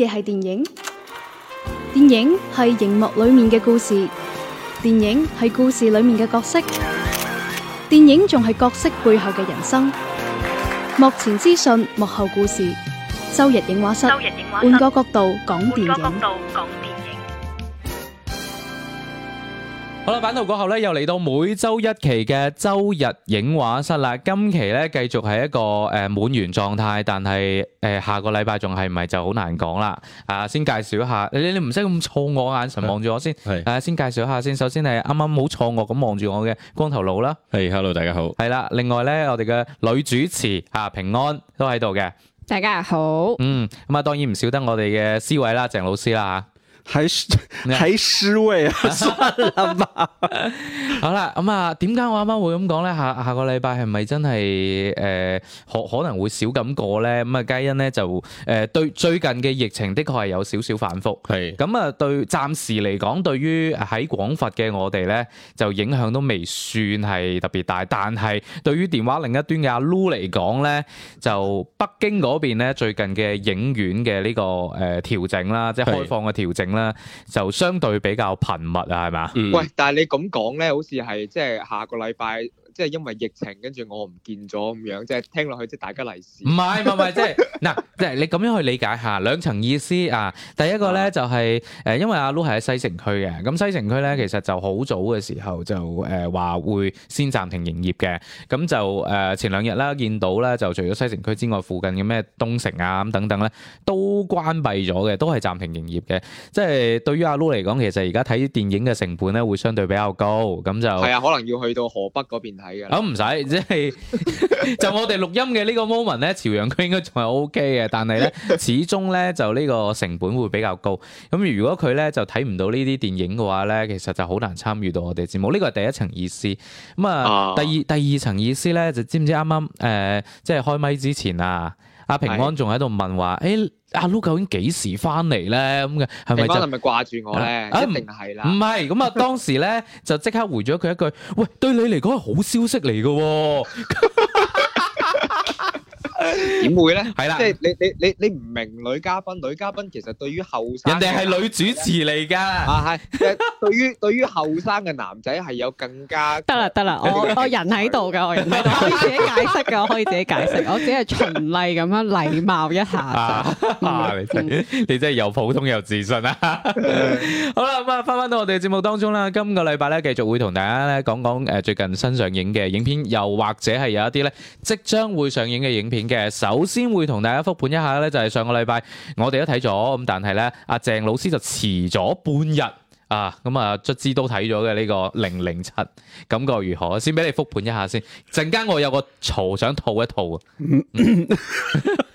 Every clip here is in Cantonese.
嘢係電影，電影係熒幕裏面嘅故事，電影係故事裏面嘅角色，電影仲係角色背後嘅人生。幕前資訊，幕後故事，周日映畫室，換個角度講電影。好啦，版圖過後咧，又嚟到每周一期嘅周日影畫室啦。今期咧繼續係一個誒滿員狀態，但係誒下個禮拜仲係咪就好難講啦。啊，先介紹一下，你你唔使咁錯愕嘅眼神望住我先。係啊，先介紹一下先。首先係啱啱好錯愕咁望住我嘅光頭佬啦。係，hello，大家好。係啦，另外咧，我哋嘅女主持啊，平安都喺度嘅。大家好。嗯，咁啊，當然唔少得我哋嘅思偉啦，鄭老師啦吓。喺喺師位， 算啦吧。 好啦，咁啊，點解我啱啱會咁講咧？下下個禮拜係咪真係誒可可能會少咁過咧？咁啊，皆因咧就誒對、呃、最近嘅疫情的確係有少少反覆。係咁啊，對暫時嚟講，對於喺廣佛嘅我哋咧，就影響都未算係特別大。但係對於電話另一端嘅阿 Lu 嚟講咧，就北京嗰邊咧最近嘅影院嘅呢個誒調整啦，即係開放嘅調整。啦，就相對比較頻密啊，係嘛？喂，但係你咁講咧，好似係即係下個禮拜。即係因為疫情，跟住我唔見咗咁樣，即係聽落去即係大家離市。唔係唔係唔係，即係嗱，即係你咁樣去理解下兩層意思啊。第一個咧就係誒，因為阿 Lu 係喺西城區嘅，咁西城區咧其實就好早嘅時候就誒話會先暫停營業嘅。咁就誒前兩日啦，見到咧就除咗西城區之外，附近嘅咩東城啊咁等等咧都關閉咗嘅，都係暫停營業嘅。即係對於阿 Lu 嚟講，其實而家睇電影嘅成本咧會相對比較高，咁就係啊，可能要去到河北嗰邊。咁唔使，即係 就我哋錄音嘅呢個 moment 咧，朝陽佢應該仲係 OK 嘅，但係咧始終咧就呢個成本會比較高。咁如果佢咧就睇唔到呢啲電影嘅話咧，其實就好難參與到我哋節目。呢個係第一層意思。咁、嗯、啊，第二第二層意思咧就知唔知啱啱誒，即係開咪之前啊，阿平安仲喺度問話，誒。阿、啊、Lu 究竟幾時翻嚟咧？咁嘅係咪真係咪掛住我咧？啊、一定係啦，唔係咁啊！當時咧就即刻回咗佢一句： 喂，對你嚟講係好消息嚟嘅喎。 點會咧？係啦，即係你你你你唔明女嘉賓，女嘉賓其實對於後生人哋係女主持嚟噶，啊係，對於對於後生嘅男仔係有更加得啦得啦，我我人喺度噶，我人喺度，可以自己解釋噶，可以自己解釋，我只係循例咁樣禮貌一下。啊，你你真係又普通又自信啊！好啦，咁啊，翻翻到我哋嘅節目當中啦，今個禮拜咧繼續會同大家咧講講誒最近新上映嘅影片，又或者係有一啲咧即將會上映嘅影片。嘅首先會同大家復盤一下咧，就係上個禮拜我哋都睇咗，咁但係咧阿鄭老師就遲咗半日啊，咁啊卒之都睇咗嘅呢個零零七，感覺如何？先俾你復盤一下先，陣間我有個嘈想吐一吐。啊。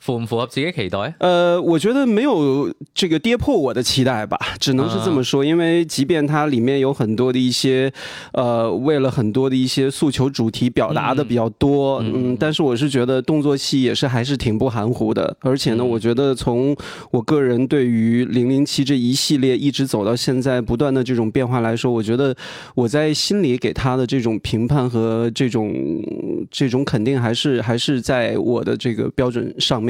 符不符合自己期待？呃，我覺得沒有這個跌破我的期待吧，只能是這麼說。因為即便它裏面有很多的一些，呃，為了很多的一些訴求主題表達的比較多，嗯，但是我是覺得動作戲也是還是挺不含糊的。而且呢，我覺得從我個人對於零零七這一系列一直走到現在不斷的這種變化來說，我覺得我在心裏給他的這種評判和這種這種肯定，還是還是在我的這個標準上面。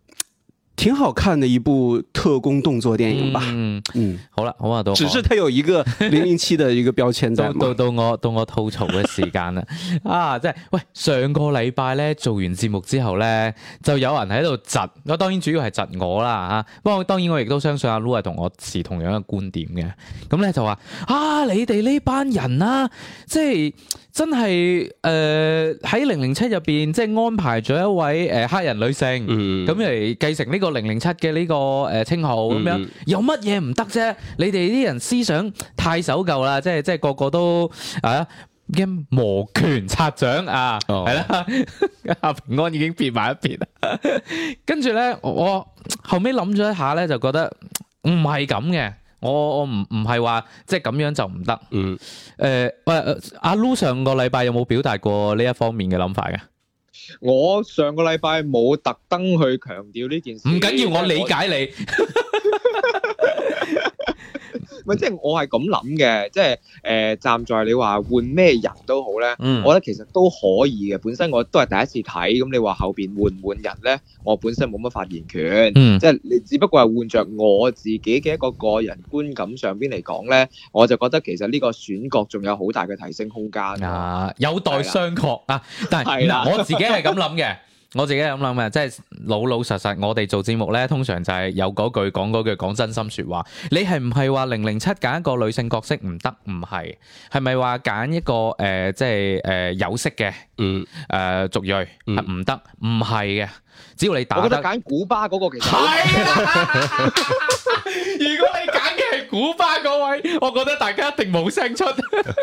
挺好看的一部特工動作電影吧。嗯嗯，嗯好啦，我話到，只是佢有一個零零七的一個標籤。 到到到我到我吐槽嘅時間啦。 啊，即係喂，上個禮拜咧做完節目之後呢，就有人喺度窒。我當然主要係窒我啦吓。不、啊、過當然我亦都相信阿 Loo 係同我持同樣嘅觀點嘅。咁咧就話啊，你哋呢班人啊，即係。真係誒喺零零七入邊，即係安排咗一位誒、呃、黑人女性，咁嚟繼承呢個零零七嘅呢個誒稱、呃、號咁、mm hmm. 樣，有乜嘢唔得啫？你哋啲人思想太守舊啦，即係即係個個都啊嘅摩拳擦掌啊，係啦、mm hmm.，阿平安已經變埋一邊啦。跟住咧，我後尾諗咗一下咧，就覺得唔係咁嘅。我我唔唔係話即係咁樣就唔得。嗯。誒、呃，喂、啊，阿 Lu 上個禮拜有冇表達過呢一方面嘅諗法嘅？我上個禮拜冇特登去強調呢件事。唔緊要，我理解你。 嗯、即係我係咁諗嘅，即係誒，站、呃、在你話換咩人都好咧，嗯、我覺得其實都可以嘅。本身我都係第一次睇，咁你話後邊換唔換人咧，我本身冇乜發言權。嗯、即係你只不過係換着我自己嘅一個個人觀感上邊嚟講咧，我就覺得其實呢個選角仲有好大嘅提升空間啊，有待商榷的啊。但係嗱，的我自己係咁諗嘅。 我自己咁諗嘅，即係老老實實，我哋做節目咧，通常就係有嗰句講嗰句，講真心說話。你係唔係話零零七揀一個女性角色唔得？唔係，係咪話揀一個誒，即係誒有色嘅？嗯，誒，族裔係唔得，唔係嘅。只要你打得，揀古巴嗰個其實係啊。如果你揀嘅。古巴嗰位，我覺得大家一定冇聲出 啦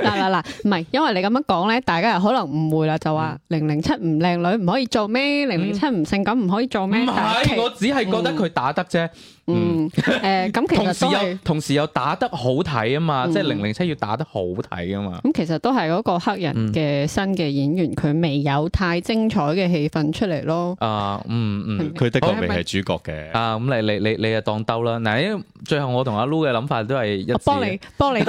啦。嗱嗱嗱，唔係，因為你咁樣講咧，大家又可能誤會啦，就話零零七唔靚女唔可以做咩，零零七唔性感唔可以做咩。唔係是，棋我只係覺得佢打得啫。嗯。嗯，誒，咁其實同時又同時又打得好睇啊嘛，即係零零七要打得好睇啊嘛。咁其實都係嗰個黑人嘅新嘅演員，佢未有太精彩嘅戲份出嚟咯。啊，嗯嗯，佢的確未係主角嘅。啊，咁你你你你就當兜啦。嗱，因為最後我同阿 Lu 嘅諗法都係一。我幫你幫你避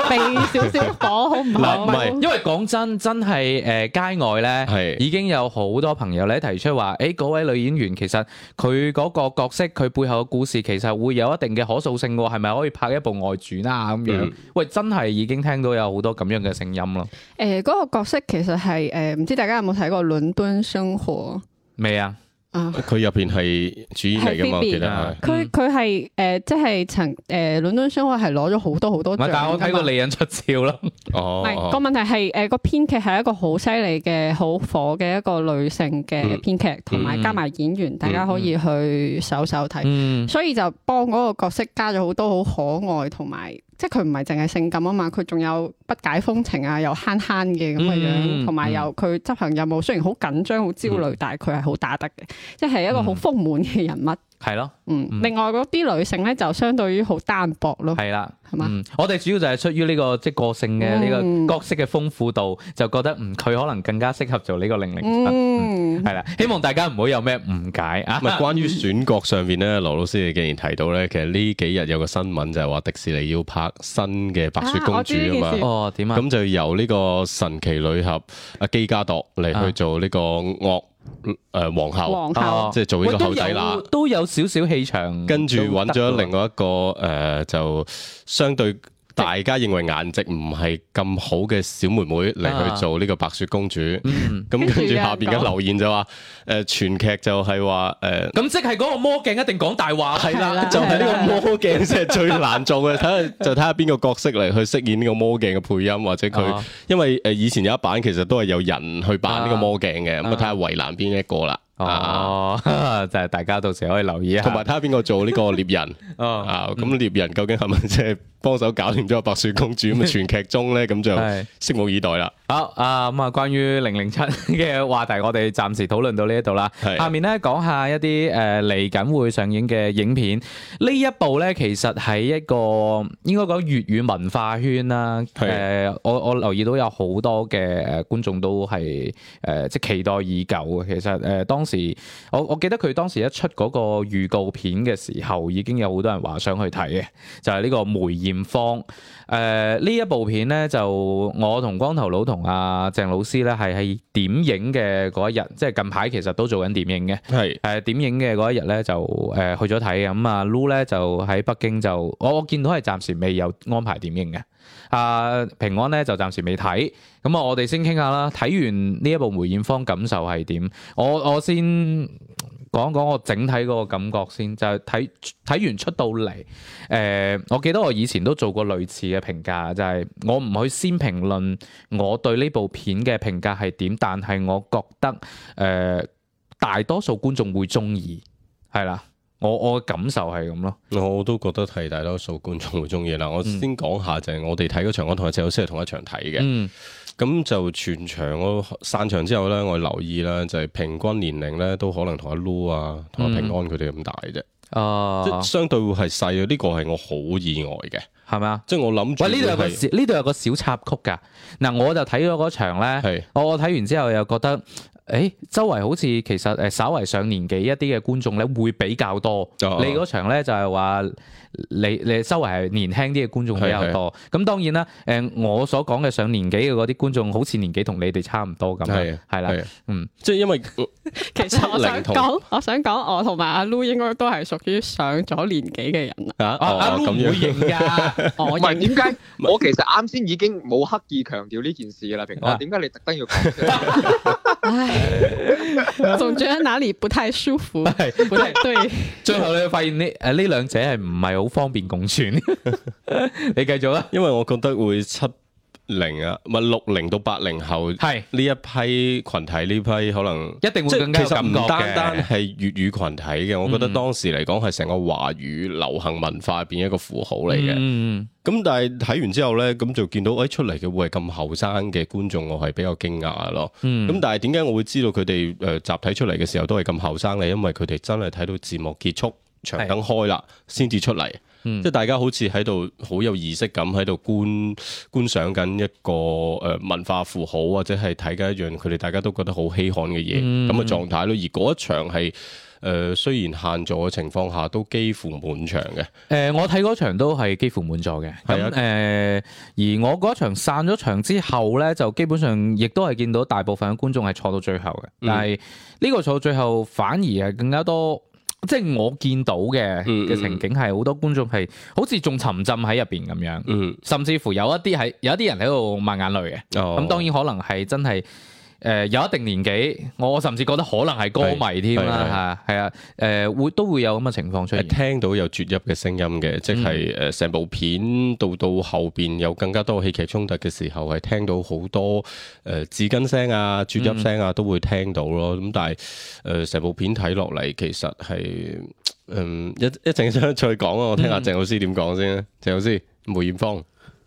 少少火，好唔好？唔係，因為講真真係誒街外咧，係已經有好多朋友咧提出話誒嗰位女演員其實佢嗰個角色佢背後嘅故事其實會。會有一定嘅可塑性喎，係咪可以拍一部外傳啊？咁樣，喂，真係已經聽到有好多咁樣嘅聲音咯。誒，嗰個角色其實係誒，唔知大家有冇睇過《倫敦生活》？未啊。啊！佢入邊係主演嚟噶嘛？我記得係佢佢係誒，即係曾誒、呃，倫敦生活係攞咗好多好多獎。唔係，但係我睇到女人出照咯，哦是。哦，唔係個問題係誒，個編劇係一個好犀利嘅，好火嘅一個女性嘅編劇，同埋，嗯、加埋演員，嗯、大家可以去搜搜睇。嗯、所以就幫嗰個角色加咗好多好可愛同埋。即係佢唔係淨係性感啊嘛，佢仲有不解風情啊，又慳慳嘅咁嘅樣，同埋又佢執行任務雖然好緊張、好焦慮，嗯、但係佢係好打得嘅，即係一個好豐滿嘅人物。係咯，嗯，另外嗰啲女性咧就相對於好單薄咯，係啦了，係嘛嗎，嗯，我哋主要就係出於呢個即係個性嘅呢、嗯、個角色嘅豐富度，就覺得嗯佢可能更加適合做呢個零零七，嗯，係啦、嗯，希望大家唔好有咩誤解啊。咪關於選角上面咧，啊、羅老師你既然提到咧，其實呢幾日有個新聞就係話迪士尼要拍新嘅白雪公主啊嘛，哦，點啊？咁就由呢個神奇女俠阿基加朵嚟去做呢個惡。誒，皇、呃、后，哦、即係做呢個后仔啦，都有少少氣場。跟住揾咗另外一個誒、呃，就相對。大家認為顏值唔係咁好嘅小妹妹嚟去做呢個白雪公主，咁跟住下邊嘅留言就話：誒、 呃、全劇就係話誒。咁即係嗰個魔鏡一定講大話，係啦 了， 就係呢個魔鏡先係最難做嘅，睇下 就睇下邊個角色嚟去飾演呢個魔鏡嘅配音，或者佢，哦、因為誒、呃、以前有一版其實都係有人去扮呢個魔鏡嘅，咁啊睇下為難邊一個啦。嗯嗯 哦，就係大家到時可以留意啊，同埋睇下邊個做呢個獵人啊？咁獵、 哦嗯、人究竟係咪即係幫手搞掂咗白雪公主咁嘅 全劇中咧？咁就係拭目以待啦。好啊，咁、呃、啊，關於零零七嘅話題我，我哋暫時討論到呢一度啦。下面咧講下一啲誒嚟緊會上映嘅影片。呢一部咧，其實係一個應該講粵語文化圈啦。誒的、呃，我我留意到有好多嘅誒觀眾都係誒、呃、即係期待已久啊。其實誒、呃、當時是，我我記得佢當時一出嗰個預告片嘅時候，已經有好多人話想去睇嘅，就係呢個梅艷芳。誒，呢一部片咧就我同光頭佬同阿鄭老師咧係喺點映嘅嗰一日，即係近排其實都做緊點映嘅。係誒是點映嘅嗰一日咧就誒去咗睇咁啊，Lu 咧就喺北京就我我見到係暫時未有安排點映嘅。啊！平安咧就暫時未睇，咁、嗯、啊我哋先傾下啦。睇完呢一部梅艷芳感受係點？我我先講講我整體嗰個感覺先，就係睇睇完出到嚟，誒、呃、我記得我以前都做過類似嘅評價，就係、是、我唔去先評論我對呢部片嘅評價係點，但係我覺得誒、呃、大多數觀眾會中意，係啦。我我嘅感受係咁咯，我都覺得係大多數觀眾會中意啦。我先講下、嗯、就係我哋睇嗰場，我同阿謝老師係同一場睇嘅。咁就全場我散場之後咧，我留意啦，就係平均年齡咧都可能同阿 Lo 啊、同阿平安佢哋咁大啫。嗯哦、即相對會係細啊，呢、呢個係我好意外嘅，係咪啊？即係我諗住喂，呢度有個呢度有個小插曲噶。嗱，我就睇咗嗰場咧，是我我睇完之後又覺得。誒，周圍好似其實誒，稍微上年紀一啲嘅觀眾咧，會比較多。Oh. 你嗰場咧就係話。你你周圍係年輕啲嘅觀眾比較多，咁當然啦。誒，我所講嘅上年紀嘅嗰啲觀眾，好似年紀同你哋差唔多咁嘅，係啦，嗯，即係因為其實我想講，我想講，我同埋阿 Lu 應該都係屬於上咗年紀嘅人啊。阿 Lu 咁會認㗎，唔係，點解？我其實啱先已經冇刻意強調呢件事啦，平哥，點解你特登要講出嚟？ 總覺得哪裏不太舒服，係 不太 對。最後你會發現呢誒呢兩者係唔係好方便共存？ 你繼續啦， 因為我覺得會出。零啊，唔係六零到八零後，係呢是一批群體，呢批可能一定會更加感覺嘅。其實唔單單係單粵語群體嘅，嗯、我覺得當時嚟講係成個華語流行文化入邊一個符號嚟嘅。咁、嗯、但係睇完之後咧，咁就見到誒出嚟嘅會係咁後生嘅觀眾，我係比較驚訝咯。咁、嗯、但係點解我會知道佢哋誒集體出嚟嘅時候都係咁後生咧？因為佢哋真係睇到字幕結束，場燈開啦，先至出嚟。即係大家好似喺度好有意識咁喺度觀觀賞緊一個誒文化符號，或者係睇緊一樣佢哋大家都覺得好稀罕嘅嘢咁嘅狀態咯。嗯、而嗰一場係誒、呃，雖然限座嘅情況下，都幾乎滿場嘅。誒、呃，我睇嗰場都係幾乎滿座嘅。咁誒一、呃，而我嗰場散咗場之後咧，就基本上亦都係見到大部分嘅觀眾係坐到最後嘅。但係呢個坐到最後反而係更加多。即係我見到嘅嘅情景係好多觀眾係好似仲沉浸喺入邊咁樣，甚至乎有一啲喺有一啲人喺度抹眼淚嘅。咁、oh. 嗯、當然可能係真係。誒、呃、有一定年紀，我甚至覺得可能係歌迷添啦嚇，係啊，誒、呃、會都會有咁嘅情況出現。聽到有啜泣嘅聲音嘅，即係誒成部片到到後邊有更加多戲劇衝突嘅時候，係聽到好多誒、呃、紙巾聲啊、啜泣聲啊都會聽到咯。咁但係誒成部片睇落嚟，其實係嗯一一陣先再講咯。我聽下鄭老師點講先。嗯、鄭老師，梅艷芳。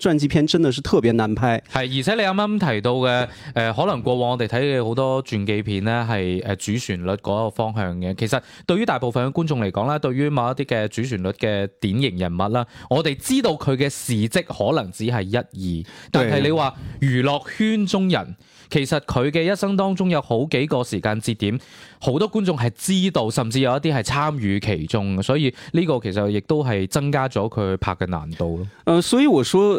傳記片真的是特別難拍，係而且你啱啱提到嘅，誒、呃，可能過往我哋睇嘅好多傳記片呢係誒主旋律嗰個方向嘅。其實對於大部分嘅觀眾嚟講咧，對於某一啲嘅主旋律嘅典型人物啦，我哋知道佢嘅事蹟可能只係一二，但係你話娛樂圈中人，其實佢嘅一生當中有好幾個時間節點，好多觀眾係知道，甚至有一啲係參與其中，所以呢個其實亦都係增加咗佢拍嘅難度咯、呃。所以我說。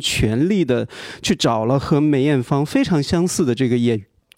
全力的去找了和梅艷芳非常相似的這個演員。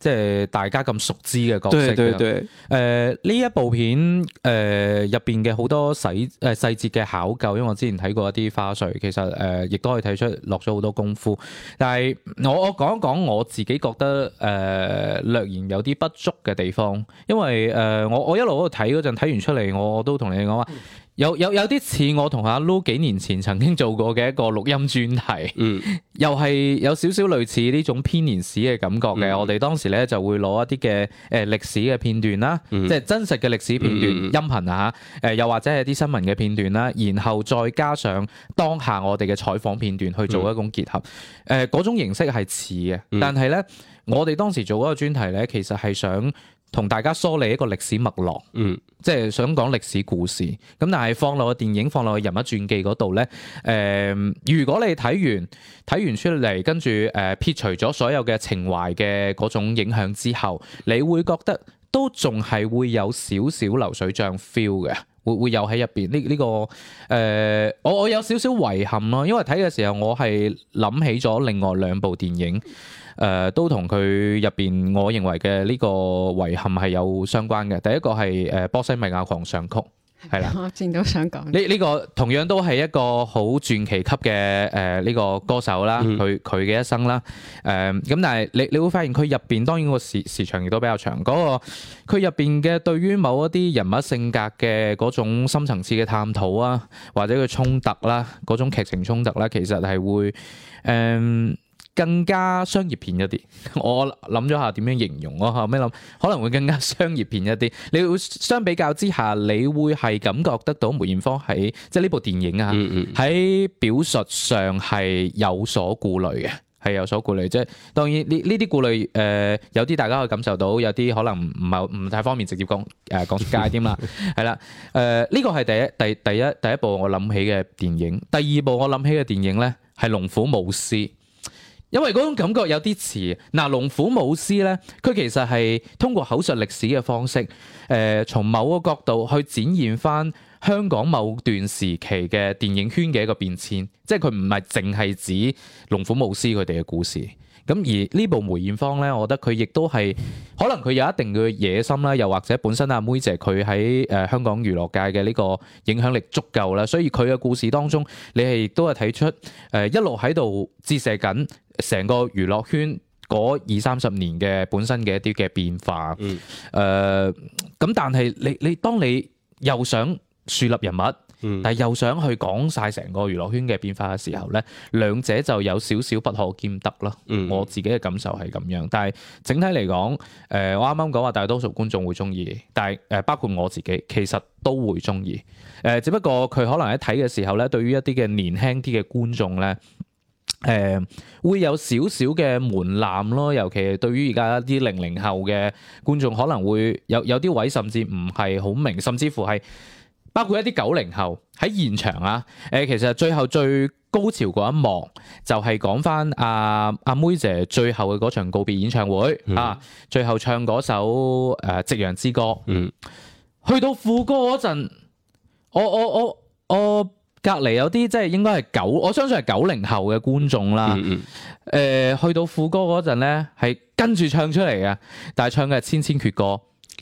即係大家咁熟知嘅角色。對對對。呢、呃、一部片誒入邊嘅好多細誒細節嘅考究，因為我之前睇過一啲花絮，其實誒、呃、亦都可以睇出落咗好多功夫。但係我我講一講我自己覺得誒、呃、略然有啲不足嘅地方，因為誒我、呃、我一路喺度睇嗰陣睇完出嚟，我我都同你講話。有有有啲似我同阿 Lo 幾年前曾經做過嘅一個錄音專題，嗯、又係有少少類似呢種編年史嘅感覺嘅。嗯、我哋當時咧就會攞一啲嘅誒歷史嘅片段啦，嗯、即係真實嘅歷史片段、嗯、音頻啊嚇，又或者係啲新聞嘅片段啦，然後再加上當下我哋嘅採訪片段去做一種結合，誒嗰、嗯呃、種形式係似嘅，嗯、但係咧我哋當時做嗰個專題咧，其實係想，同大家梳理一個歷史脈絡，嗯，即係想講歷史故事。咁但係放落去電影，放落去人物傳記嗰度呢。誒、呃，如果你睇完睇完出嚟，跟住誒撇除咗所有嘅情懷嘅嗰種影響之後，你會覺得都仲係會有少少流水帳 feel 嘅，會會有喺入邊呢呢個誒、呃，我我有少少遺憾咯，因為睇嘅時候我係諗起咗另外兩部電影。誒都同佢入邊，我認為嘅呢個遺憾係有相關嘅。第一個係誒波西米亞狂想曲，係啦，了我正都想講，呢呢個同樣都係一個好傳奇級嘅誒呢個歌手啦，佢佢嘅一生啦，誒咁、嗯嗯。但係你你會發現佢入邊當然個時時長亦都比較長。嗰、那個佢入邊嘅對於某一啲人物性格嘅嗰種深層次嘅探討啊，或者佢衝突啦、啊，嗰種劇情衝突啦、啊，其實係會誒。嗯更加商業片一啲，我諗咗下點樣形容咯。後尾諗可能會更加商業片一啲。你會相比較之下，你會係感覺得到梅艷芳喺即係呢部電影啊，喺表述上係有所顧慮嘅，係有所顧慮。即係當然呢呢啲顧慮誒，有啲大家可以感受到，有啲可能唔唔係唔太方便直接講誒講出街添啦。係啦，誒呢個係第一第第一第一部我諗起嘅電影。第二部我諗起嘅電影咧係《龍虎武師》。因為嗰種感覺有啲似嗱《呃、龍虎武師》咧，佢其實係通過口述歷史嘅方式，誒、呃、從某個角度去展現翻香港某段時期嘅電影圈嘅一個變遷，即係佢唔係淨係指《龍虎武師》佢哋嘅故事。咁而呢部梅艷芳咧，我覺得佢亦都係可能佢有一定嘅野心啦，又或者本身阿妹姐佢喺誒香港娛樂界嘅呢個影響力足夠啦，所以佢嘅故事當中，你係亦都係睇出誒一路喺度折射緊成個娛樂圈嗰二三十年嘅本身嘅一啲嘅變化。嗯。誒，咁但係你你當你又想樹立人物，但又想去講晒成個娛樂圈嘅變化嘅時候呢，兩者就有少少不可兼得咯。我自己嘅感受係咁樣，但係整體嚟講，誒、呃、我啱啱講話大多數觀眾會鍾意，但係誒、呃、包括我自己其實都會鍾意。誒、呃、只不過佢可能喺睇嘅時候呢，對於一啲嘅年輕啲嘅觀眾呢，誒、呃、會有少少嘅門檻咯。尤其係對於而家一啲零零後嘅觀眾，可能會有有啲位甚至唔係好明，甚至乎係。包括一啲九零後喺現場啊！誒、呃，其實最後最高潮嗰一幕就係講翻阿阿妹姐最後嘅嗰場告別演唱會，嗯、啊！最後唱嗰首誒、呃《夕陽之歌》。嗯。去到副歌嗰陣，我我我我隔籬有啲即係應該係九，我相信係九零後嘅觀眾啦。嗯誒、嗯呃，去到副歌嗰陣咧，係跟住唱出嚟嘅，但係唱嘅係《千千闕歌》。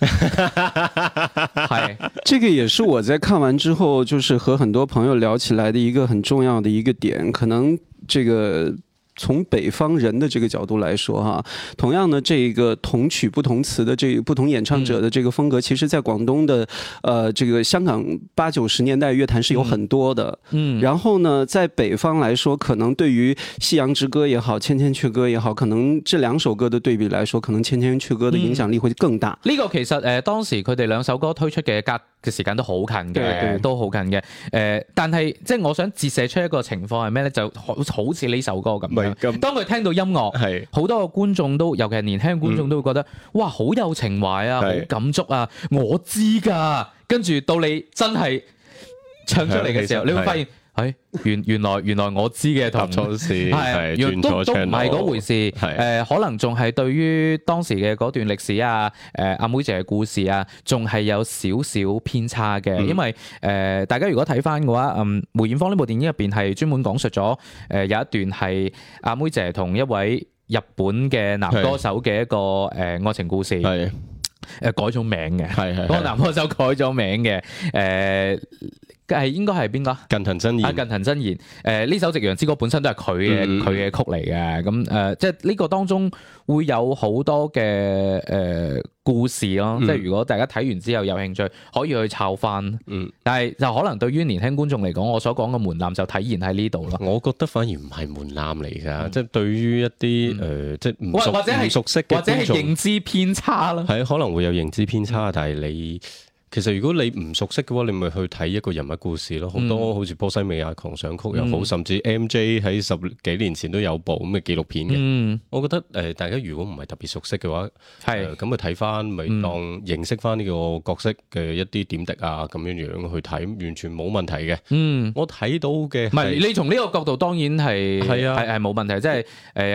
嗨， 這個也是我在看完之後，就是和很多朋友聊起來的一個很重要的一個點，可能這個。從北方人的這個角度來說哈，同樣呢，這個同曲不同詞的這個、不同演唱者的這個風格，其實，在廣東的，呃，這個香港八九十年代樂壇是有很多的。嗯，然後呢，在北方來說，可能對於《夕陽之歌》也好，《千千闕歌》也好，可能這兩首歌的對比來說，可能《千千闕歌》的影響力會更大。嗯、這個其實，誒、呃，當時佢哋兩首歌推出嘅格。嘅時間都好近嘅，Yeah. 都好近嘅。誒、呃，但係即係我想折射出一個情況係咩呢？就好似呢首歌咁樣，當佢聽到音樂，係好是多個觀眾都，尤其係年輕觀眾都會覺得，嗯、哇，好有情懷啊，好是感觸啊。我知㗎，跟住到你真係唱出嚟嘅時候，你會發現。誒，原原來原來我知嘅同係係都都唔係嗰回事，係誒可能仲係對於當時嘅嗰段歷史啊，誒阿妹姐嘅故事啊，仲係有少少偏差嘅。因為誒大家如果睇翻嘅話，嗯，梅艷芳呢部電影入邊係專門講述咗誒有一段係阿妹姐同一位日本嘅男歌手嘅一個誒愛情故事，係誒改咗名嘅，係係嗰個男歌手改咗名嘅，誒。係應該係邊個啊？近藤真言啊，近藤真言。誒，呢首《夕陽之歌》本身都係佢嘅佢嘅曲嚟嘅。咁、呃、誒，即係呢個當中會有好多嘅誒、呃、故事咯。即係如果大家睇完之後有興趣，可以去抄翻。嗯。但係就可能對於年輕觀眾嚟講，我所講嘅門檻就體現喺呢度咯。我覺得反而唔係門檻嚟噶，即、就、係、是、對於一啲誒即係唔熟唔熟悉嘅觀眾，或者係認知偏差啦。係可能會有認知偏差，但係你。其實如果你唔熟悉嘅話，你咪去睇一個人物故事咯。好多好似波西米亞狂想曲又好，嗯、甚至 M J 喺十幾年前都有部咁嘅紀錄片嘅。嗯、我覺得誒、呃，大家如果唔係特別熟悉嘅話，係咁咪睇翻咪當認識翻呢個角色嘅一啲點滴啊，咁樣樣去睇，完全冇問題嘅。嗯，我睇到嘅唔係你從呢個角度，當然係係啊，係係冇問題。即係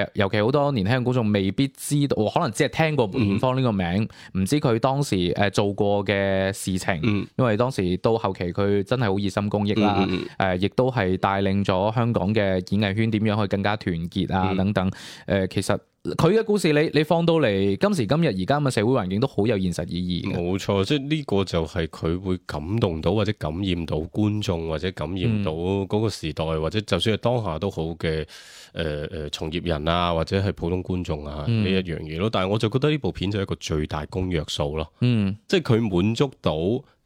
誒，尤其好多年輕人觀眾未必知道，可能只係聽過梅艷芳呢個名，唔、嗯、知佢當時誒做過嘅，事情，因為當時到後期，佢真係好熱心公益啦，誒、嗯嗯嗯呃，亦都係帶領咗香港嘅演藝圈點樣去更加團結啊，等等，誒、嗯嗯呃，其實。佢嘅故事，你你放到嚟今時今日而家嘅社會環境都好有現實意義。冇錯，即係呢個就係佢會感動到或者感染到觀眾，或者感染到嗰個時代，嗯、或者就算係當下都好嘅，誒、呃、誒從業人啊，或者係普通觀眾啊呢一樣嘢咯。嗯、但係我就覺得呢部片就係一個最大公約數咯。嗯，即係佢滿足到。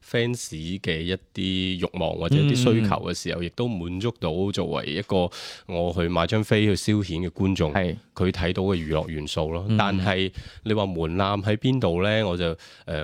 fans 嘅一啲欲望或者一啲需求嘅時候，亦、嗯、都滿足到作為一個我去買張飛去消遣嘅觀眾，佢睇是到嘅娛樂元素咯。嗯、但係你話門檻喺邊度咧？我就誒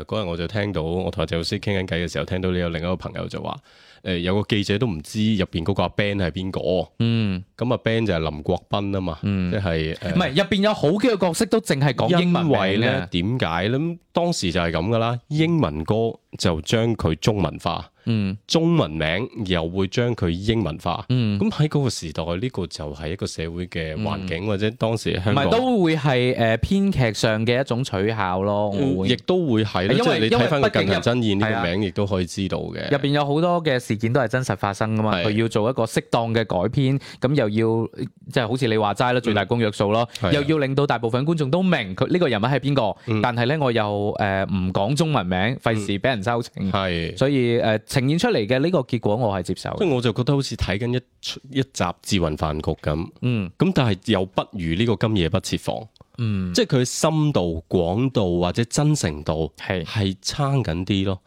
嗰日、呃、我就聽到，我同鄭老師傾緊偈嘅時候，聽到你有另一個朋友就話。誒有個記者都唔知入邊嗰個阿 Ben 係邊個，咁啊 Ben 就係林國斌啊嘛，嗯、即係唔係入邊有好幾個角色都淨係講英文咧？點解咧？當時就係咁噶啦，英文歌就將佢中文化。嗯，中文名又會將佢英文化，咁喺嗰個時代呢、呢個就係一個社會嘅環境、嗯、或者當時香港唔係都會係誒編劇上嘅一種取巧咯，亦、嗯、都會係，因為即係你睇翻個近行真現呢個名，亦都為可以知道嘅。入邊有好多嘅事件都係真實發生噶嘛，佢的要做一個適當嘅改編，咁又要。即係好似你話齋啦，最大公約數咯，嗯、又要令到大部分觀眾都明佢呢個人物係邊個，嗯、但係咧我又誒唔、呃、講中文名，費事俾人收情。係、嗯，所以誒、呃、呈，呈現出嚟嘅呢個結果，我係接受。即係我就覺得好似睇緊一一集《智雲飯局》咁。嗯，咁但係又不如呢個《今夜不設防》。嗯，即係佢深度、廣度或者真誠度係係差緊啲咯。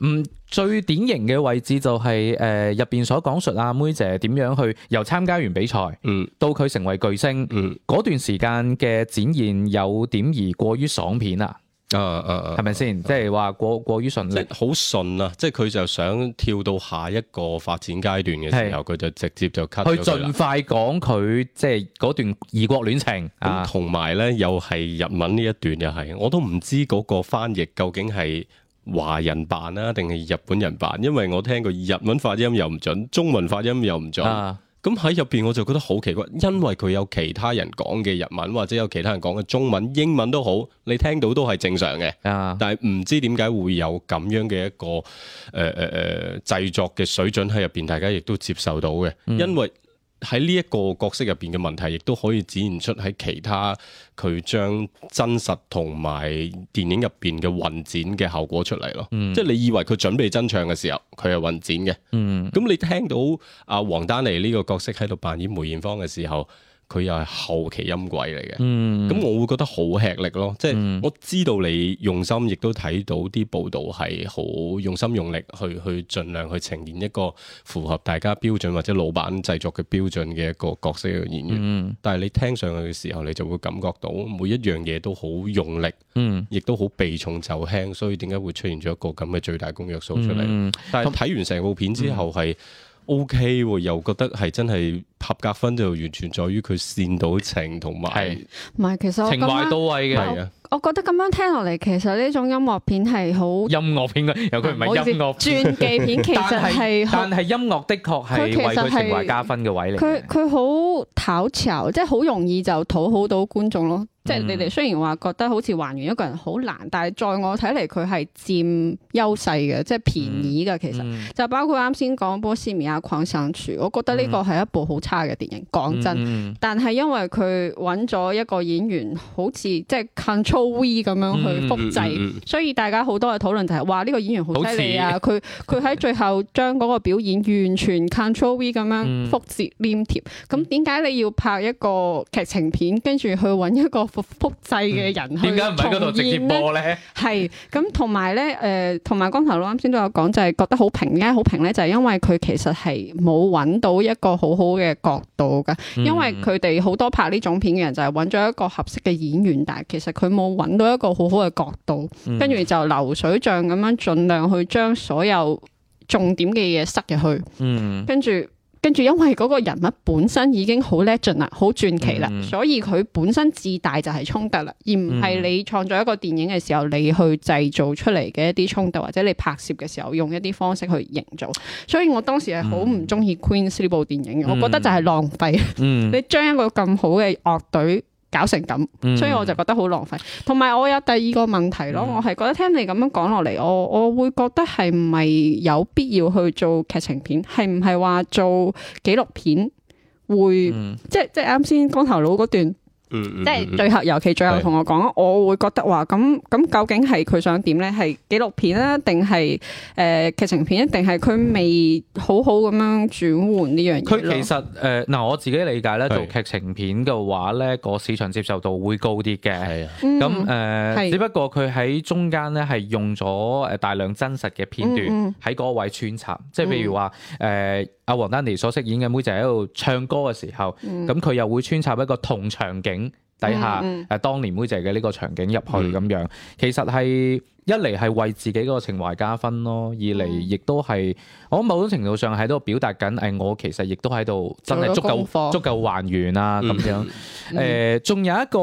嗯，最典型嘅位置就係、是、誒，入、呃、邊所講述阿、啊、梅姐點樣去由參加完比賽，嗯，到佢成為巨星，嗯，嗰段時間嘅展現有點而過於爽片啊，啊啊，係咪先？啊、吧即係話過過於順利，即好順啊！即係佢就想跳到下一個發展階段嘅時候，佢是就直接就 cut 去盡快講佢即係段異國戀情啊，同埋咧又係日文呢一段又係，我都唔知嗰個翻譯究竟係。華人扮啦、啊，定係日本人扮？因為我聽過日文發音又唔準，中文發音又唔準。咁喺入邊我就覺得好奇怪，因為佢有其他人講嘅日文，或者有其他人講嘅中文、英文都好，你聽到都係正常嘅。但係唔知點解會有咁樣嘅一個誒誒製作嘅水準喺入邊，大家亦都接受到嘅，因為。喺呢一個角色入邊嘅問題，亦都可以展現出喺其他佢將真實同埋電影入邊嘅混剪嘅效果出嚟咯。嗯、即係你以為佢準備真唱嘅時候，佢係混剪嘅。咁、嗯、你聽到阿王丹妮呢個角色喺度扮演梅艷芳嘅時候，佢又係後期音軌嚟嘅，咁、嗯、我會覺得好吃力咯。即、就、係、是、我知道你用心，亦都睇到啲報導係好用心用力去去盡量去呈現一個符合大家標準或者老闆製作嘅標準嘅一個角色嘅演員。嗯、但係你聽上去嘅時候，你就會感覺到每一樣嘢都好用力，亦、嗯、都好避重就輕。所以點解會出現咗一個咁嘅最大公約數出嚟？嗯、但係睇完成部片之後係。嗯嗯 O、okay, K，又覺得係真係合格分就完全在於佢煽到情同埋，係唔係其實我覺得咁樣，情懷到位嘅我，我覺得咁樣聽落嚟，其實呢種音樂片係好的音樂片嘅，又佢唔係音樂、啊、傳記片，其實係但係音樂的確係佢其實係情懷加分嘅位嚟，佢佢好討潮，即係好容易就討好到觀眾咯。即係你哋雖然話覺得好似還原一個人好難，但係在我睇嚟佢係佔優勢嘅，即係便宜嘅其實、嗯嗯、就包括啱先講《波斯米亞狂想曲》，我覺得呢個係一部好差嘅電影，講真。嗯嗯、但係因為佢揾咗一個演員好似即係 control V 咁樣去複製，嗯嗯、所以大家好多嘅討論就係話呢個演員好犀利啊！佢佢喺最後將嗰個表演完全 control V 咁樣複製黏貼，咁點解你要拍一個劇情片，跟住去揾一個。複製嘅人去重現呢，點解唔係度直接播呢？係咁同埋，咧，誒，同埋剛才啱先都有講，就係、是、覺得好平咧，好平咧，就係因為佢其實係冇揾到一個好好嘅角度噶，因為佢哋好多拍呢種片嘅人就係揾咗一個合適嘅演員，但係其實佢冇揾到一個好好嘅角度，跟住就流水賬咁樣盡量去將所有重點嘅嘢塞入去，嗯，跟住。跟住，因為嗰個人物本身已經好 legend 啦，好傳奇啦，嗯、所以佢本身自帶就係衝突啦，而唔係你創作一個電影嘅時候，你去製造出嚟嘅一啲衝突，或者你拍攝嘅時候用一啲方式去營造。所以我當時係好唔中意 Queen's 呢部電影，嗯、我覺得就係浪費。嗯、 你將一個咁好嘅樂隊。搞成咁，所以我就覺得好浪費。同埋我有第二個問題咯，我係覺得聽你咁樣講落嚟，我我會覺得係唔係有必要去做劇情片？係唔係話做紀錄片會，嗯、即即啱先光頭佬嗰段。即係最後，尤其最後同我講，的我會覺得話咁咁究竟係佢想點咧？係紀錄片咧、啊，定係誒劇情片、啊，定係佢未好好咁樣轉換呢樣嘢？佢其實誒嗱、呃，我自己理解咧，做劇情片嘅話咧，個的市場接受度會高啲嘅。係啊的，咁誒，呃、的只不過佢喺中間咧係用咗誒大量真實嘅片段喺嗰位穿插，嗯嗯即係譬如話誒阿王丹妮所飾演嘅妹仔喺度唱歌嘅時候，咁佢、嗯嗯、又會穿插一個同場景。底下誒、嗯嗯、當年妹姐嘅呢個場景入去咁樣，嗯、其實係一嚟係為自己個情懷加分咯，嗯、二嚟亦都係我某種程度上喺度表達緊，誒、哎、我其實亦都喺度真係足夠足夠還原啊咁、嗯、樣。誒、嗯，仲、呃、有一個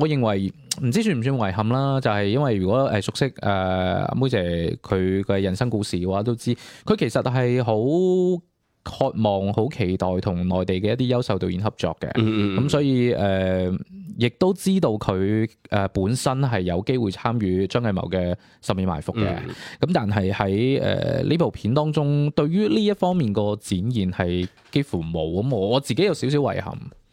我認為唔知算唔算遺憾啦，就係、是、因為如果誒熟悉誒阿、呃、妹姐佢嘅人生故事嘅話，都知佢其實係好渴望好期待同內地嘅一啲優秀導演合作嘅，咁、mm hmm. 所以誒亦、呃、都知道佢誒、呃、本身係有機會參與張藝謀嘅十面埋伏嘅，咁、mm hmm. 但係喺誒呢部片當中，對於呢一方面個展現係幾乎冇，咁我自己有少少遺憾。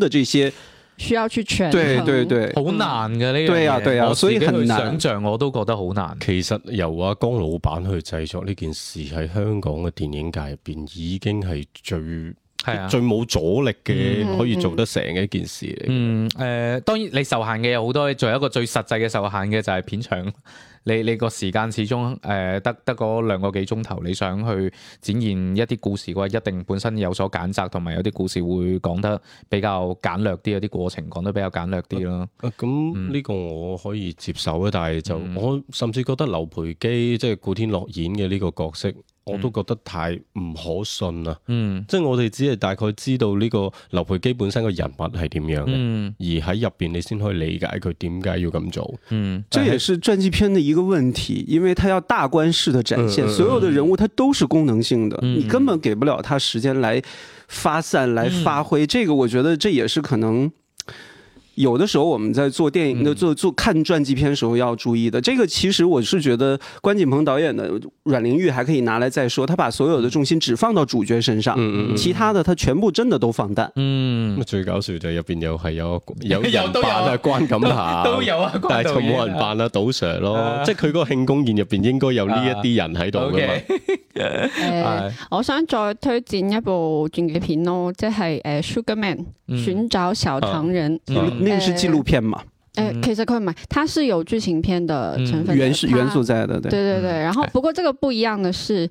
的這些需要去權衡，對對對，好難嘅呢個，對，對、嗯、對啊對啊，所以很難想象，我都覺得好難。其實由阿江老闆去製作呢件事喺香港嘅電影界入邊，已經係最。係啊，最冇阻力嘅、嗯、可以做得成嘅一件事嚟。嗯，誒、呃，當然你受限嘅有好多，仲有一個最實際嘅受限嘅就係片長。你你時間、呃、個時間始終誒得得嗰兩個幾鐘頭，你想去展現一啲故事嘅話，一定本身有所揀擇，同埋有啲故事會講得比較簡略啲，有啲過程講得比較簡略啲咯。咁呢、啊啊、個我可以接受啊，嗯、但係就我甚至覺得劉培基即係、就是、古天樂演嘅呢個角色。我都覺得太唔可信啦，嗯，即係我哋只係大概知道呢個劉培基本身個人物係點樣嘅，嗯、而喺入邊你先可以理解佢點解要咁做。嗯，是這也是傳記片的一個問題，因為他要大觀式的展現、嗯、所有的人物，他都是功能性的，嗯、你根本給不了他時間來發散、來發揮。嗯、這個我覺得這也是可能。有的時候我們在做電影的做做看傳記片的時候要注意的，這個其實我是覺得關錦鵬導演的阮玲玉還可以拿來再說，他把所有的重心只放到主角身上，嗯、其他的他全部真的都放淡、嗯。嗯，最搞笑就入邊有係有有演有的關錦鵬都有啊，但係就冇人扮啦。賭 Sir 咯，即係佢嗰個慶功宴入邊應該有呢一啲人喺度㗎嘛。誒、呃，我想再推薦一部傳記片咯，即係誒《Sugarman、呃》Sugar，尋找小糖人。那個是紀錄片嘛？呃誒其實佢唔係，o 它是有劇情片的成分，元素元素在的，對對對。然後不過這個不一樣嘅是，誒，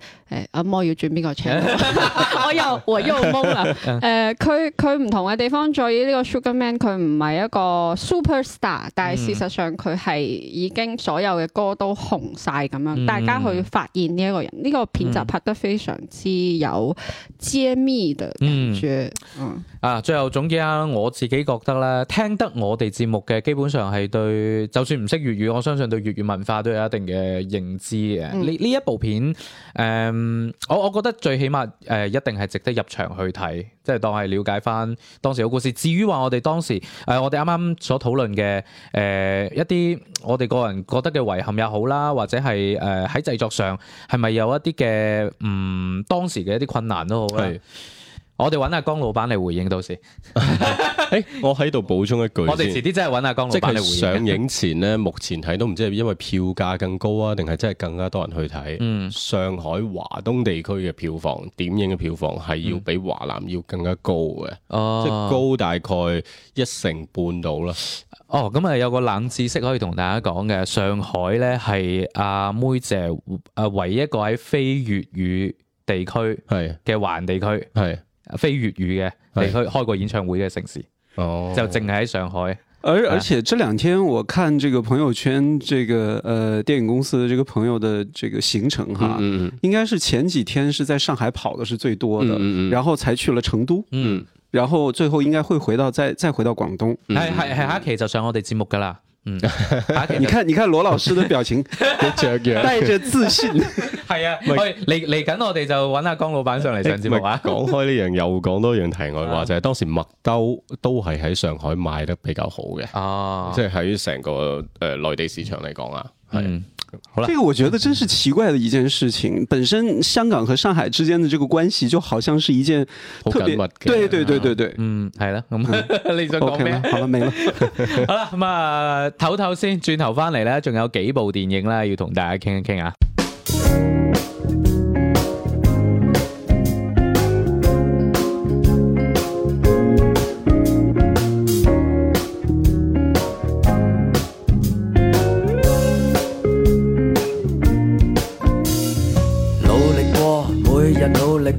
阿我要轉邊個車，我又我又懵啦。誒，佢佢唔同嘅地方在於呢個 Sugar Man，佢唔係一個 superstar，但係事實上佢係已經所有嘅歌都紅晒咁樣，大家去發現呢一個人，呢個片集拍得非常之有揭秘的感覺。嗯，啊，最後總結下，我自己覺得咧，聽得我哋節目嘅基本。通常係對，就算唔識粵語，我相信對粵語文化都有一定嘅認知嘅。呢呢、嗯、一部片，誒、嗯，我我覺得最起碼誒，一定係值得入場去睇，即係當係了解翻當時嘅故事。至於話我哋當時誒、呃，我哋啱啱所討論嘅誒一啲，我哋個人覺得嘅遺憾又好啦，或者係誒喺製作上係咪有一啲嘅唔當時嘅一啲困難都好。我哋揾阿江老闆嚟回應到時。誒、 欸，我喺度補充一句 我哋遲啲真係揾阿江老闆嚟回應。上映前咧，目前睇都唔知係因為票價更高啊，定係真係更加多人去睇。嗯。上海華東地區嘅票房點映嘅票房係要比華南要更加高嘅。哦、嗯。即係高大概一成半到啦。哦，咁啊有個冷知識可以同大家講嘅，上海咧係阿妹姐誒唯一一個喺非粵語地區嘅華人地區。係。非粵語嘅離開開過演唱會嘅城市，哦，就淨係喺上海。而而且，這兩天我看這個朋友圈，這個，呃，電影公司這個朋友的這個行程，哈，嗯嗯，應該是前幾天是在上海跑的是最多的，嗯，然後才去了成都，嗯，然後最後應該會回到再再回到廣東，係係係，下一期就上我哋節目㗎喇。嗯，下期就是、 你看，你看羅老師的表情， 帶着自信。係 啊，嚟嚟緊我哋就揾阿江老闆上嚟上節目啊。講、 哎、開呢樣，又講多一樣題外話、啊、就係，當時麥兜都係喺上海賣得比較好嘅。哦、啊，即係喺成個誒內、呃、地市場嚟講啊，係。嗯好啦，這個我覺得真是奇怪的一件事情。本身香港和上海之間的這個關係，就好像是一件特別，對對對對對，對對對對對，嗯，係啦。咁、嗯、 你再講咩？ 好啦，明 好啦，咁啊，唞唞先，轉頭翻嚟咧，仲有幾部電影啦，要同大家傾一傾啊。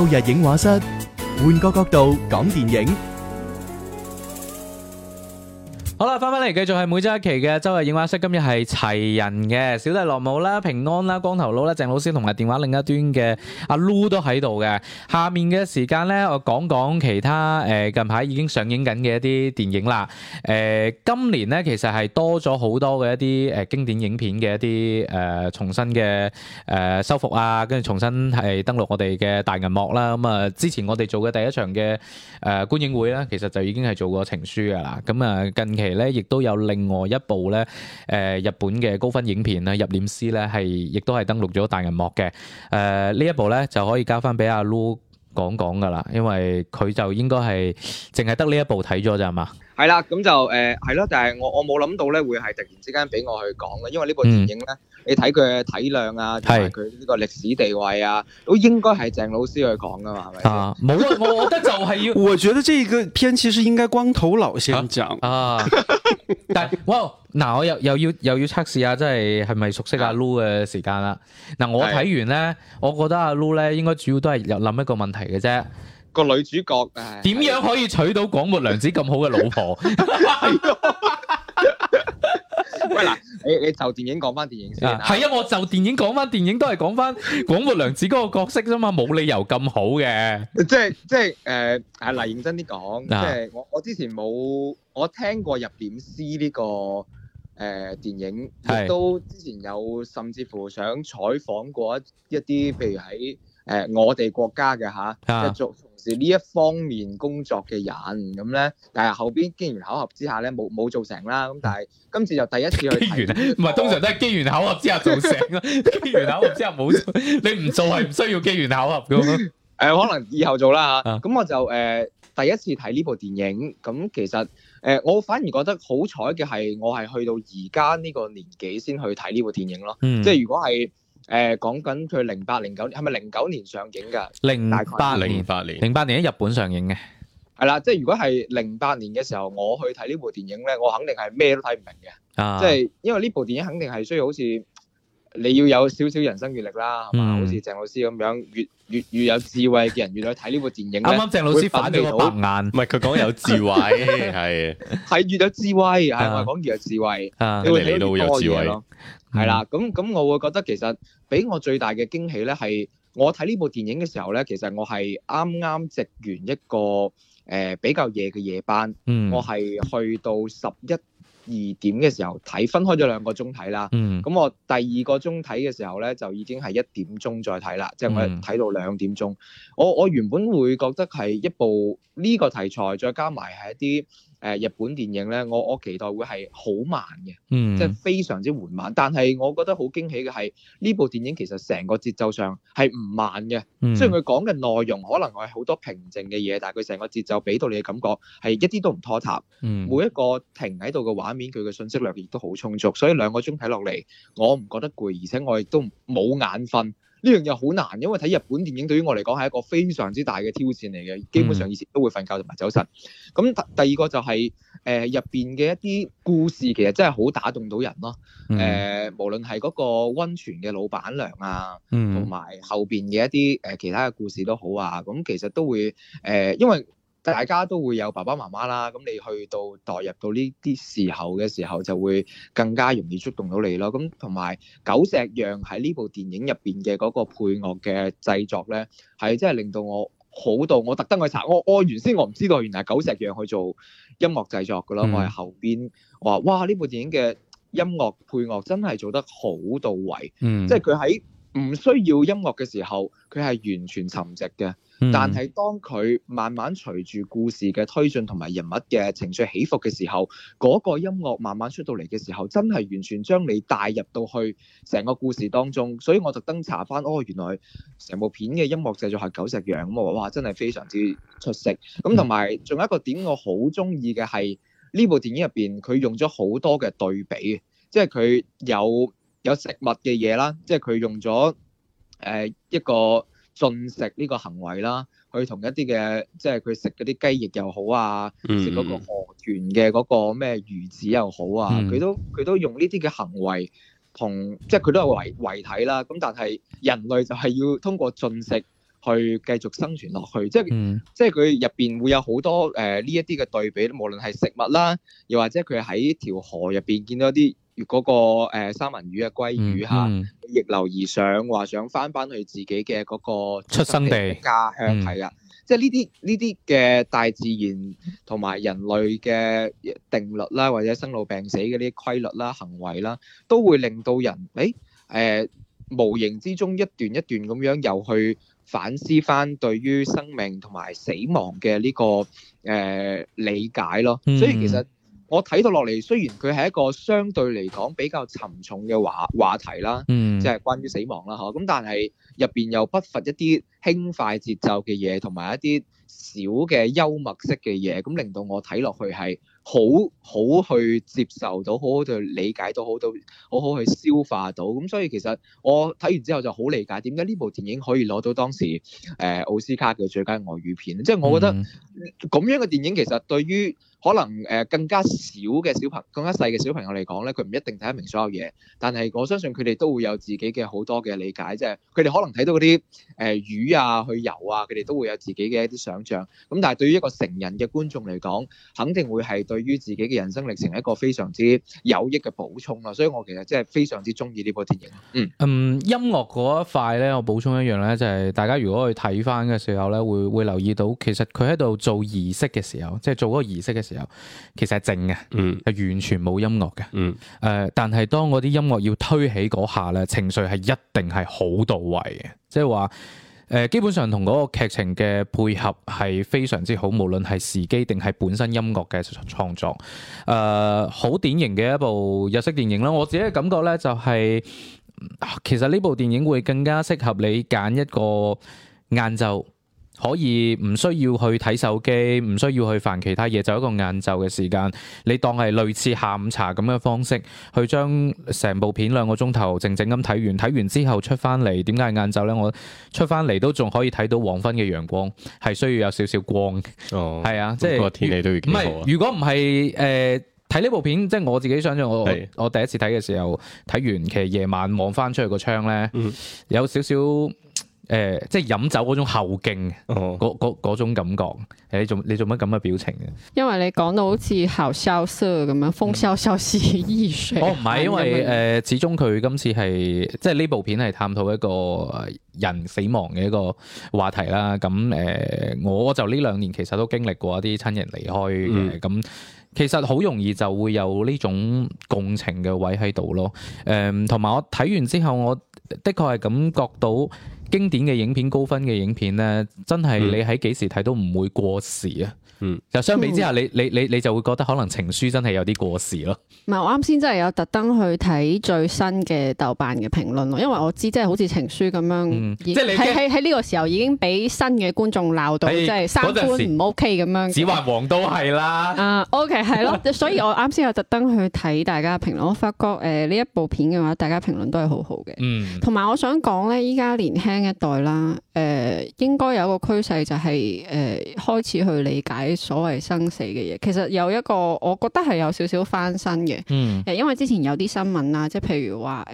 周日映畫室，換個角度講電影。好啦，翻返嚟，繼續係每周一期嘅周日映畫室。今日係齊人嘅小弟羅武啦、平安啦、光頭佬啦、鄭老師同埋電話另一端嘅阿 Lu 都喺度嘅。下面嘅時間咧，我講講其他誒近排已經上映緊嘅一啲電影啦。誒、呃，今年咧其實係多咗好多嘅一啲誒經典影片嘅一啲誒、呃、重新嘅誒修復啊，跟、呃、住重新係登陸我哋嘅大銀幕啦。咁、嗯、啊，之前我哋做嘅第一場嘅誒、呃、觀影會咧，其實就已經係做過情書噶啦。咁啊，近期。咧亦都有另外一部咧，誒日本嘅高分影片咧，《入殮師》咧，係亦都係登陸咗大銀幕嘅。誒呢一部咧就可以交翻俾阿 Lu 講講噶啦，因為佢就應該係淨係得呢一部睇咗咋係嘛？係啦，咁就誒係咯，但係我我冇諗到咧會係突然之間俾我去講嘅，因為呢部電影咧，你睇佢嘅體量啊，同埋佢呢個歷史地位啊，都應該係鄭老師去講噶嘛，係咪先？冇冇，我覺得就係要。 我覺得這個片其實應該光頭佬先講啊，但係哇，嗱我又又要又要測試下，即係係咪熟悉阿 Lou 嘅時間啦？嗱、啊，我睇完咧，我覺得阿 Lou 咧應該主要都係有諗一個問題嘅啫。個女主角，點、哎、樣可以娶到廣末涼子咁好嘅老婆？ 喂嗱，你你就電影講翻電影先，係啊，是啊，我就電影講翻電影，都係講翻廣末涼子嗰個角色啫嘛，冇理由咁好嘅。即係即係誒，啊、呃、嗱，認真啲講，啊、即係我我之前冇我聽過《入殮師》呢、這個誒、呃、電影，都之前有甚至乎想採訪過一一啲，譬如喺誒、呃、我哋國家嘅吓，啊、即係是 做。呢一方面工作嘅人，咁咧，但係後邊機緣巧合之下咧，冇冇做成啦。咁但係今次就第一次去、這個。機緣唔、啊、係通常都係機緣巧合之下做成， 機緣巧合之下冇。你唔做係唔需要機緣巧合咁。誒、呃，可能以後做啦嚇。咁、啊、我就誒、呃、第一次睇呢部電影。咁其實誒、呃，我反而覺得好彩嘅係，我係去到而家呢個年紀先去睇呢部電影咯。即係如果係。誒，講緊佢零八零九年係咪零九年上映㗎？零八零八年，零八年喺日本上映嘅。係啦，即係如果係零八年嘅時候，我去睇呢部電影咧，我肯定係咩都睇唔明嘅。啊！即係因為呢部電影肯定係需要好似你要有少少人生閱歷啦，係嘛？好似鄭老師咁樣越越越有智慧嘅人，越去睇呢部電影。啱啱鄭老師反背我白眼，唔係佢講有智慧係係越有智慧，係我講越有智慧。啊！你都好有智慧咯～係啦，咁咁、mm hmm. 我會覺得其實俾我最大嘅驚喜咧，係我睇呢部電影嘅時候咧，其實我係啱啱值完一個誒、呃、比較夜嘅夜班，mm hmm. 我係去到十一二點嘅時候睇，分開咗兩個鐘睇啦。咁、mm hmm. 我第二個鐘睇嘅時候咧，就已經係一點鐘再睇啦，即、就、係、是、我睇到兩點鐘。Mm hmm. 我我原本會覺得係一部呢個題材，再加埋係一啲。誒日本電影咧，我我期待會係好慢嘅，即係非常之緩慢。但係我覺得好驚喜嘅係呢部電影其實成個節奏上係唔慢嘅，嗯、雖然佢講嘅內容可能係好多平靜嘅嘢，但係佢成個節奏俾到你嘅感覺係一啲都唔拖沓。嗯、每一個停喺度嘅畫面，佢嘅信息量亦都好充足，所以兩個鐘睇落嚟，我唔覺得攰，而且我亦都冇眼瞓。呢樣嘢好難，因為睇日本電影對於我嚟講係一個非常之大嘅挑戰嚟嘅，基本上以前都會瞓覺同埋走神。咁、嗯、第二個就係誒入邊嘅一啲故事其實真係好打動到人咯。誒、呃、無論係嗰個温泉嘅老闆娘啊，同埋、嗯、後邊嘅一啲誒、呃、其他嘅故事都好啊，咁、嗯、其實都會誒、呃、因為，大家都會有爸爸媽媽啦，咁你去到代入到呢啲時候嘅時候，就會更加容易觸動到你咯。咁同埋久石讓喺呢部電影入邊嘅嗰個配樂嘅製作咧，係真係令到我好到我特登去查，我、哦、原我原先我唔知道，原來係久石讓去做音樂製作噶咯、嗯。我係後邊話哇，呢部電影嘅音樂配樂真係做得好到位，嗯、即係佢喺。唔需要音樂嘅時候，佢係完全沉寂嘅。嗯、但係當佢慢慢隨住故事嘅推進同埋人物嘅情緒起伏嘅時候，嗰、那個音樂慢慢出到嚟嘅時候，真係完全將你帶入到去成個故事當中。所以我特登查翻，哦，原來成部片嘅音樂製作係九隻羊咁啊！哇，真係非常之出色。咁同埋仲有一個點我好中意嘅係呢部電影入邊，佢用咗好多嘅對比，即係佢有。有食物嘅嘢啦，即係佢用咗誒、呃、一個進食呢個行為啦，去同一啲嘅，即係佢食嗰啲雞翼又好啊，食嗰、嗯、個河豚嘅嗰個咩魚子又好啊，佢、嗯、都佢都用呢啲嘅行為同，即係佢都係遺遺體啦。咁但係人類就係要通過進食去繼續生存落去，即係、嗯、即係佢入邊會有好多誒呢一啲嘅對比，無論係食物啦，又或者佢喺條河入邊見到啲。嗰個誒三文魚啊、鮭魚嚇逆流而上，話想翻返去自己嘅嗰個出生地、家鄉係啊，即係呢啲呢啲嘅大自然同埋人類嘅定律啦，或者生老病死嘅呢啲規律啦、行為啦，都會令到人誒誒無形之中一段一段咁樣又去反思翻對於生命同埋死亡嘅呢個誒理解咯，所以其實。我睇到落嚟，雖然佢係一個相對嚟講比較沉重嘅話話題啦，嗯，即係關於死亡啦，嗬。咁但係入邊又不乏一啲輕快節奏嘅嘢，同埋一啲少嘅幽默式嘅嘢，咁令到我睇落去係好好去接受到，好好去理解到，好到好好去消化到。咁所以其實我睇完之後就好理解點解呢部電影可以攞到當時誒、呃、奧斯卡嘅最佳外語片。即係我覺得嗯、咁樣嘅電影其實對於可能誒、呃、更加少嘅小朋友，更加細嘅小朋友嚟講，咧，佢唔一定睇得明所有嘢，但係我相信佢哋都會有自己嘅好多嘅理解，即係佢哋可能睇到嗰啲誒魚啊去游啊，佢哋都會有自己嘅一啲想象。咁但係對於一個成人嘅觀眾嚟講，肯定會係對於自己嘅人生歷程一個非常之有益嘅補充咯。所以我其實即係非常之中意呢部電影。嗯，嗯，um, 音樂嗰一塊咧，我補充一樣咧，就係、是、大家如果去睇翻嘅時候咧，會會留意到其實佢喺度做儀式嘅時候，即係做嗰個儀式嘅時候。時其實係靜嘅，係、嗯、完全冇音樂嘅。誒、嗯呃，但係當嗰啲音樂要推起嗰下咧，情緒係一定係好到位嘅。即係話，誒、呃，基本上同嗰個劇情嘅配合係非常之好，無論係時機定係本身音樂嘅創作。誒、呃，好典型嘅一部日式電影啦。我自己嘅感覺咧、就是，就係其實呢部電影會更加適合你揀一個晏晝。可以唔需要去睇手機，唔需要去煩其他嘢，就一個晏晝嘅時間，你當係類似下午茶咁嘅方式，去將成部片兩個鐘頭靜靜咁睇完，睇完之後出翻嚟，點解晏晝呢？我出翻嚟都仲可以睇到黃昏嘅陽光，係需要有少少光。哦，係啊，即係個天氣都要唔係，如果唔係誒，睇、呃、呢部片，即係我自己想象，我的我第一次睇嘅時候睇完，其實夜晚望翻出去個窗呢，嗯、有少少。誒、呃，即係飲酒嗰種後勁，嗰、哦、種感覺，誒，你做你做乜咁嘅表情嘅、嗯 哦？因為你講到好似好蕭瑟咁樣，風蕭蕭兮易水。哦，唔係，因為誒，始終佢今次係即係呢部片係探討一個人死亡嘅一個話題啦。咁誒、呃，我就呢兩年其實都經歷過一啲親人離開嘅，咁、嗯呃、其實好容易就會有呢種共情嘅位喺度咯。誒、呃，同埋我睇完之後，我的確係感覺到。經典嘅影片、高分嘅影片呢，真係你喺幾時睇都唔會過時啊！嗯，就相比之下，你你你你就會覺得可能情書真係有啲過時咯。唔係、嗯，我啱先真係有特登去睇最新嘅豆瓣嘅評論咯，因為我知即係好似情書咁樣，喺喺喺呢個時候已經俾新嘅觀眾鬧到是即係三觀唔時 OK 咁樣子。子華王都係啦。啊、嗯嗯、，OK 係咯，所以我啱先有特登去睇大家評論， 我發覺誒呢、呃、一部片嘅話，大家評論都係好好嘅。嗯，同埋我想講咧，依家年輕一代啦。誒、呃、應該有個趨勢就係、是、誒、呃、開始去理解所謂生死嘅嘢，其實有一個我覺得係有少少翻身嘅，誒、嗯、因為之前有啲新聞啦，即係譬如話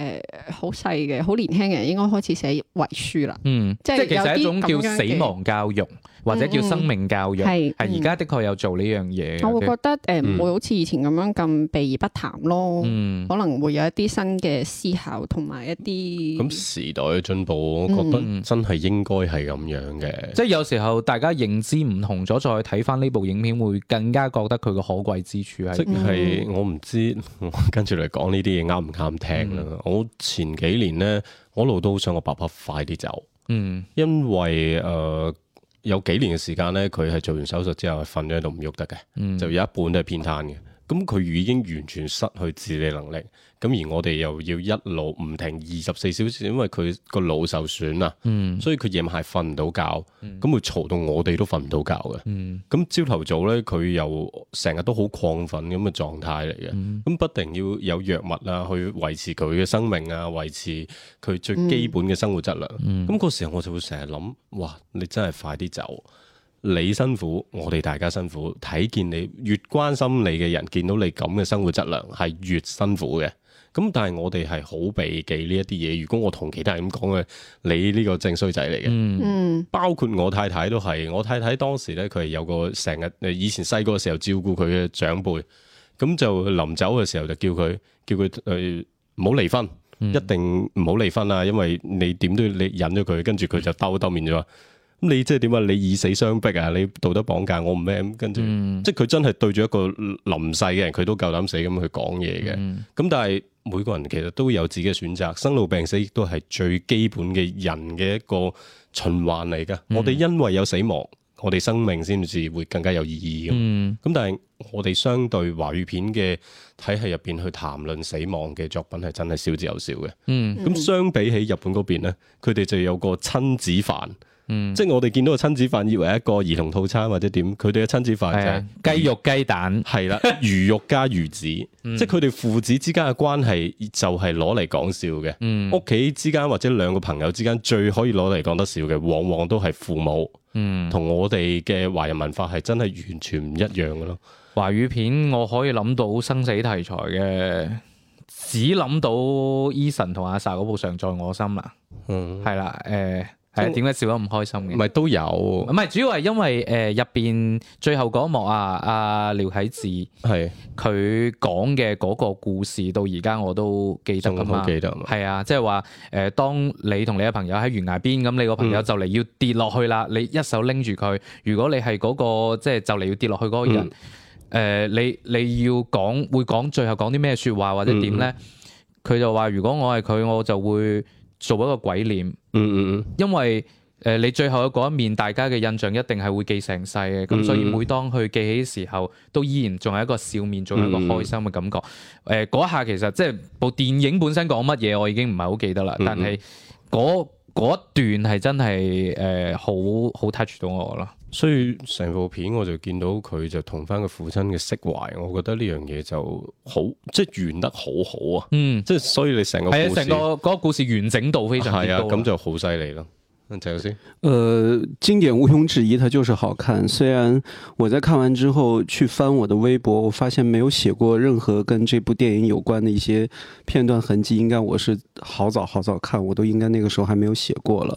誒好細嘅好年輕嘅人應該開始寫遺書啦，嗯，即係其實係一種叫死亡教育。或者叫生命教育，係而家的確有做呢樣嘢。我會覺得誒，唔實、呃、會好似以前咁樣咁避而不談咯。嗯，可能會有一啲新嘅思考同埋一啲。咁、嗯嗯嗯嗯、時代嘅進步，我覺得真係應該係咁樣嘅。即係有時候大家認知唔同咗，再睇翻呢部影片，會更加覺得佢嘅可貴之處係。即係、嗯、我唔知我跟住嚟講呢啲嘢啱唔啱聽啦。我前幾年咧，我老都好想我爸爸快啲走，嗯，因為誒。呃有幾年嘅時間咧，佢係做完手術之後，瞓咗喺度唔喐得嘅，嗯、就有一半都係偏癱嘅。咁佢已經完全失去自理能力。咁而我哋又要一路唔停二十四小時，因為佢個腦受損啊，嗯、所以佢夜晚係瞓唔到覺，咁、嗯、會嘈到我哋、嗯、都瞓唔到覺嘅。咁朝頭早咧，佢又成日都好亢奮咁嘅狀態嚟嘅，咁、嗯、不停要有藥物啊去維持佢嘅生命啊，維持佢最基本嘅生活質量。咁嗰、嗯嗯、時候我就會成日諗：哇！你真係快啲走，你辛苦，我哋大家辛苦。睇見你越關心你嘅人，見到你咁嘅生活質量係越辛苦嘅。咁但係我哋係好避忌呢一啲嘢。如果我同其他人咁講嘅，你呢個正衰仔嚟嘅。嗯，包括我太太都係，我太太當時咧，佢係有個成日誒，以前細個嘅時候照顧佢嘅長輩，咁就臨走嘅時候就叫佢叫佢誒，唔好離婚，嗯、一定唔好離婚啊！因為你點都要你忍咗佢，跟住佢就兜兜面咗。咁你即係點啊？你以死相逼啊？你道德綁架我唔咩？跟住、嗯、即係佢真係對住一個臨世嘅人，佢都夠膽死咁去講嘢嘅。咁、嗯、但係。每個人其實都有自己嘅選擇，生老病死亦都係最基本嘅人嘅一個循環嚟㗎。嗯、我哋因為有死亡，我哋生命先至會更加有意義嘅。咁、嗯、但係我哋相對華語片嘅體系入邊去談論死亡嘅作品係真係少之又少嘅。咁、嗯、相比起日本嗰邊咧，佢哋就有個親子飯。嗯，即係我哋見到個親子飯以為一個兒童套餐或者點，佢哋嘅親子飯就係、是，雞肉雞蛋，係啦、嗯，魚肉加魚子，即係佢哋父子之間嘅關係就係攞嚟講笑嘅。嗯，屋企之間或者兩個朋友之間最可以攞嚟講得笑嘅，往往都係父母。嗯，同我哋嘅華人文化係真係完全唔一樣嘅咯。華、嗯嗯嗯、語片我可以諗到生死題材嘅，只諗到 Eason 同阿 Sa 嗰部《常在我心》啦。嗯，係啦，誒、呃。誒，點解都笑得咁開心嘅？唔係都有，唔係主要係因為誒，入、呃、邊最後嗰幕啊，阿、啊、廖啟智係佢講嘅嗰個故事到，到而家我都記得噶嘛。仲記得。係、嗯、啊，即係話誒，當你同你嘅朋友喺懸崖邊，咁你個朋友就嚟要跌落去啦，你一手拎住佢。如果你係嗰個即係就嚟要跌落去嗰個人，誒，你你要講會講最後講啲咩說話或者點咧？佢就話：如果我係佢，我就會。做一個鬼臉，嗯嗯嗯，因為誒、呃、你最後嗰一面，大家嘅印象一定係會記成世嘅，咁所以每當去記起時候，都依然仲係一個笑面，仲係一個開心嘅感覺。誒、呃、嗰下其實即係部電影本身講乜嘢，我已經唔係好記得啦，但係嗰段係真係誒好好 touch 到我咯。所以成部片我就見到佢就同翻個父親嘅釋懷，我覺得呢樣嘢就好，即係圓得好好啊。嗯，即係所以你成個係啊，成個個故事完整度非常係啊，咁、啊、就好犀利咯。謝老師、啊嗯、先，誒、呃，經典毋庸置疑，它就是好看。雖然我在看完之後去翻我的微博，我發現沒有寫過任何跟這部電影有關的一些片段痕跡。應該我是好早好早看，我都應該那個時候還沒有寫過了。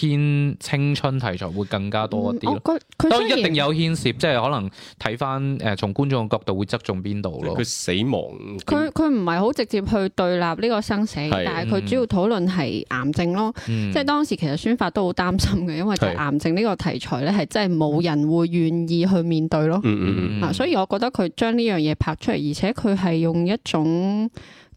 偏青春題材會更加多一啲咯，都、嗯、一定有牽涉，即係可能睇翻誒，從觀眾嘅角度會側重邊度咯。佢死亡，佢佢唔係好直接去對立呢個生死，是但係佢主要討論係癌症咯，嗯、即係當時其實宣發都好擔心嘅，因為癌症呢個題材咧係真係冇人會願意去面對咯。是嗯嗯嗯，所以我覺得佢將呢樣嘢拍出嚟，而且佢係用一種。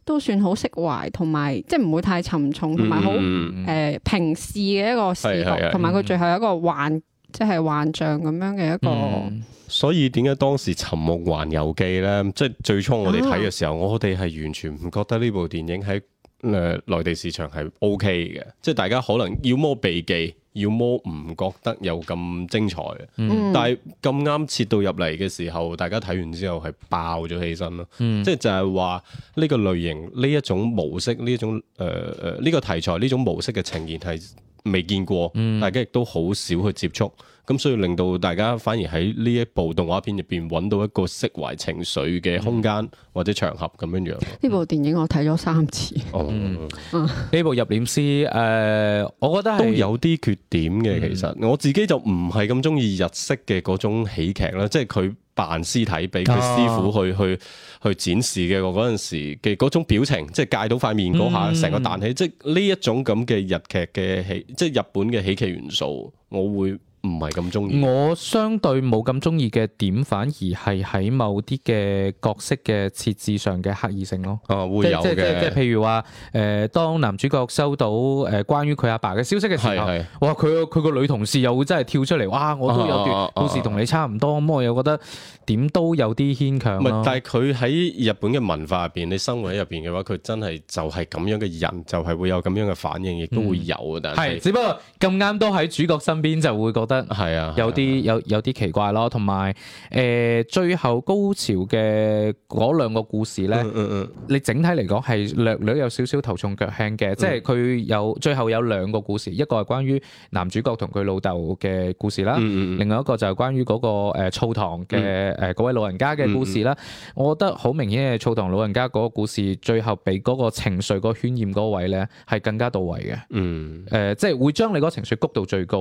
都算好釋懷，同埋即係唔會太沉重，同埋好誒平視嘅一個時候，同埋佢最後一個幻、嗯、即係幻象咁樣嘅一個。嗯、所以點解當時《尋夢環遊記》咧，即係最初我哋睇嘅時候，啊、我哋係完全唔覺得呢部電影喺誒內地市場係 O K 嘅，即係大家可能要麼避忌。要麼唔覺得有咁精彩，嗯、但係咁啱切到入嚟嘅時候，大家睇完之後係爆咗起身咯，即係、嗯、就係話呢個類型、呢、嗯、一種模式、呢種誒誒呢個題材、呢、嗯、種模式嘅呈現係未見過，大家亦都好少去接觸。咁所以令到大家反而喺呢一部動畫片入邊揾到一個釋懷情緒嘅空間、嗯、或者場合咁樣樣。呢部電影我睇咗三次。呢部入殮師，誒、呃，我覺得都有啲缺點嘅。其實、嗯、我自己就唔係咁中意日式嘅嗰種喜劇啦，即係佢扮屍體俾佢師傅去、啊、去去、去展示嘅嗰陣時嘅嗰種表情，即係戒到塊面嗰下成個彈起，即係呢一種咁嘅日劇嘅喜，即係日本嘅喜劇元素，我會。唔係咁中意。我相對冇咁中意嘅點反而係喺某啲嘅角色嘅設置上嘅刻意性咯。哦、啊，會有嘅。即即即譬如話誒、呃、當男主角收到誒、呃、關於佢阿爸嘅消息嘅時候，是是哇，佢佢個女同事又會真係跳出嚟，哇，我都有段故事同你差唔多，咁、啊啊啊、我又覺得點都有啲牽強，唔係，但係佢喺日本嘅文化入邊，你生活喺入邊嘅話，佢真係就係咁樣嘅人，就係、是、會有咁樣嘅反應亦都會有、嗯、但係是只不過咁啱都喺主角身邊就會覺得。係啊，有啲有有啲奇怪咯，同埋誒，最後高潮嘅兩個故事咧， 你整體嚟講係略略有少少頭重腳輕嘅，即係佢有最後有兩個故事，一個係關於男主角同佢老豆嘅故事啦，另外一個就係關於嗰、嗰個誒澡、呃、堂嘅誒嗰位老人家嘅故事啦。我覺得好明顯係澡堂老人家嗰、嗰個故事最後俾嗰個情緒個渲染，嗰位咧係更加到位嘅，嗯誒、 呃、即係會將你個情緒谷到最高，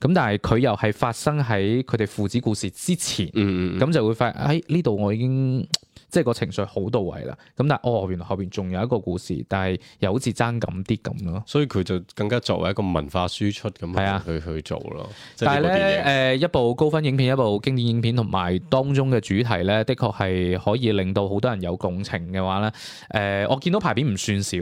咁但係，係佢又係發生喺佢哋父子故事之前，咁、嗯嗯、就會發現，誒，呢度我已經即係個情緒好到位啦。咁但係哦，原來後邊仲有一個故事，但係又好似爭咁啲咁咯。所以佢就更加作為一個文化輸出咁去去做咯。啊、但係咧，誒、呃，一部高分影片、一部經典影片同埋當中嘅主題咧，的確係可以令到好多人有共情嘅話咧，誒、呃，我見到排片唔算少。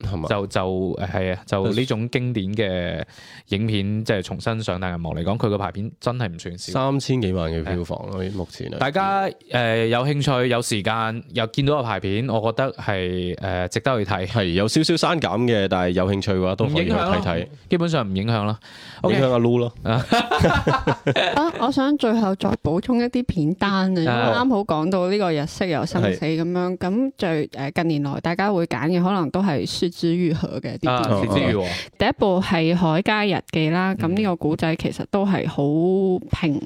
就就係啊，就呢種經典嘅影片，即係重新上大銀幕嚟講，佢個排片真係唔算少，三千幾萬嘅票房咯，啊、目前啊，大家誒、呃、有興趣有時間又見到個排片，我覺得係誒、呃、值得去睇，係有少少刪減嘅，但係有興趣嘅話都可以去睇睇，基本上唔影響啦，影響阿 Lou 咯。我想最後再補充一啲片單啊，啱好講到呢個日色又生死咁樣，咁最誒近年來大家會揀嘅可能都係知如何嘅啲第一部係《海街日記》啦，咁呢、嗯、個古仔其實都係好平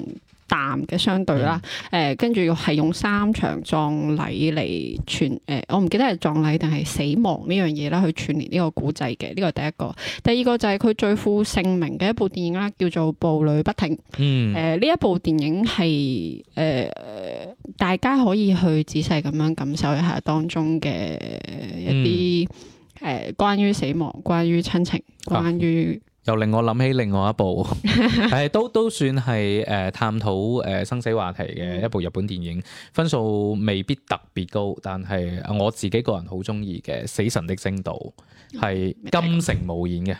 淡嘅相對啦。誒、嗯呃，跟住係用三場葬禮嚟串，誒、呃，我唔記得係葬禮定係死亡呢樣嘢啦，去串聯呢個古仔嘅。呢、這個第一個，第二個就係佢最負盛名嘅一部電影啦，叫做《步履不停》。誒、嗯呃，呢一部電影係誒、呃，大家可以去仔細咁樣感受一下當中嘅一啲。嗯嗯誒，關於死亡，關於親情，關於。又令我諗起另外一部， 係都都算係誒探討誒生死話題嘅一部日本電影，分數未必特別高，但係我自己個人好中意嘅《死神的精度》，係金城武演嘅，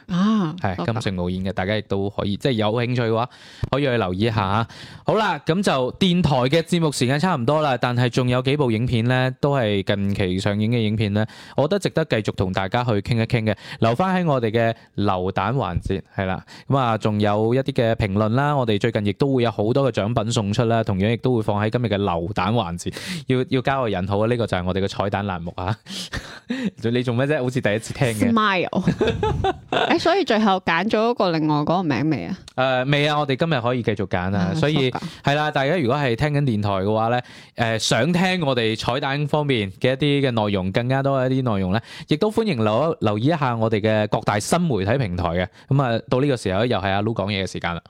係金城武演嘅，大家亦都可以即係有興趣嘅話可以去留意一下。好啦，咁就電台嘅節目時間差唔多啦，但係仲有幾部影片咧，都係近期上映嘅影片咧，我覺得值得繼續同大家去傾一傾嘅，留翻喺我哋嘅流蛋環節。係啦，咁啊、嗯，仲有一啲嘅評論啦。我哋最近亦都會有好多嘅獎品送出啦，同樣亦都會放喺今日嘅流蛋環節。要要交個人好啊，呢、這個就係我哋嘅彩蛋欄目啊。你做咩啫？好似第一次聽嘅。Smile。 所以最後揀咗一個另外嗰個名未啊？誒、呃，未啊，我哋今日可以繼續揀啊。所以係啦，大家如果係聽緊電台嘅話咧，誒、呃，想聽我哋彩蛋方面嘅一啲嘅內容，更加多一啲內容咧，亦都歡迎留留意一下我哋嘅各大新媒體平台嘅。咁、嗯、啊。到呢個時候，又係阿 Loo 講嘢嘅時間啦。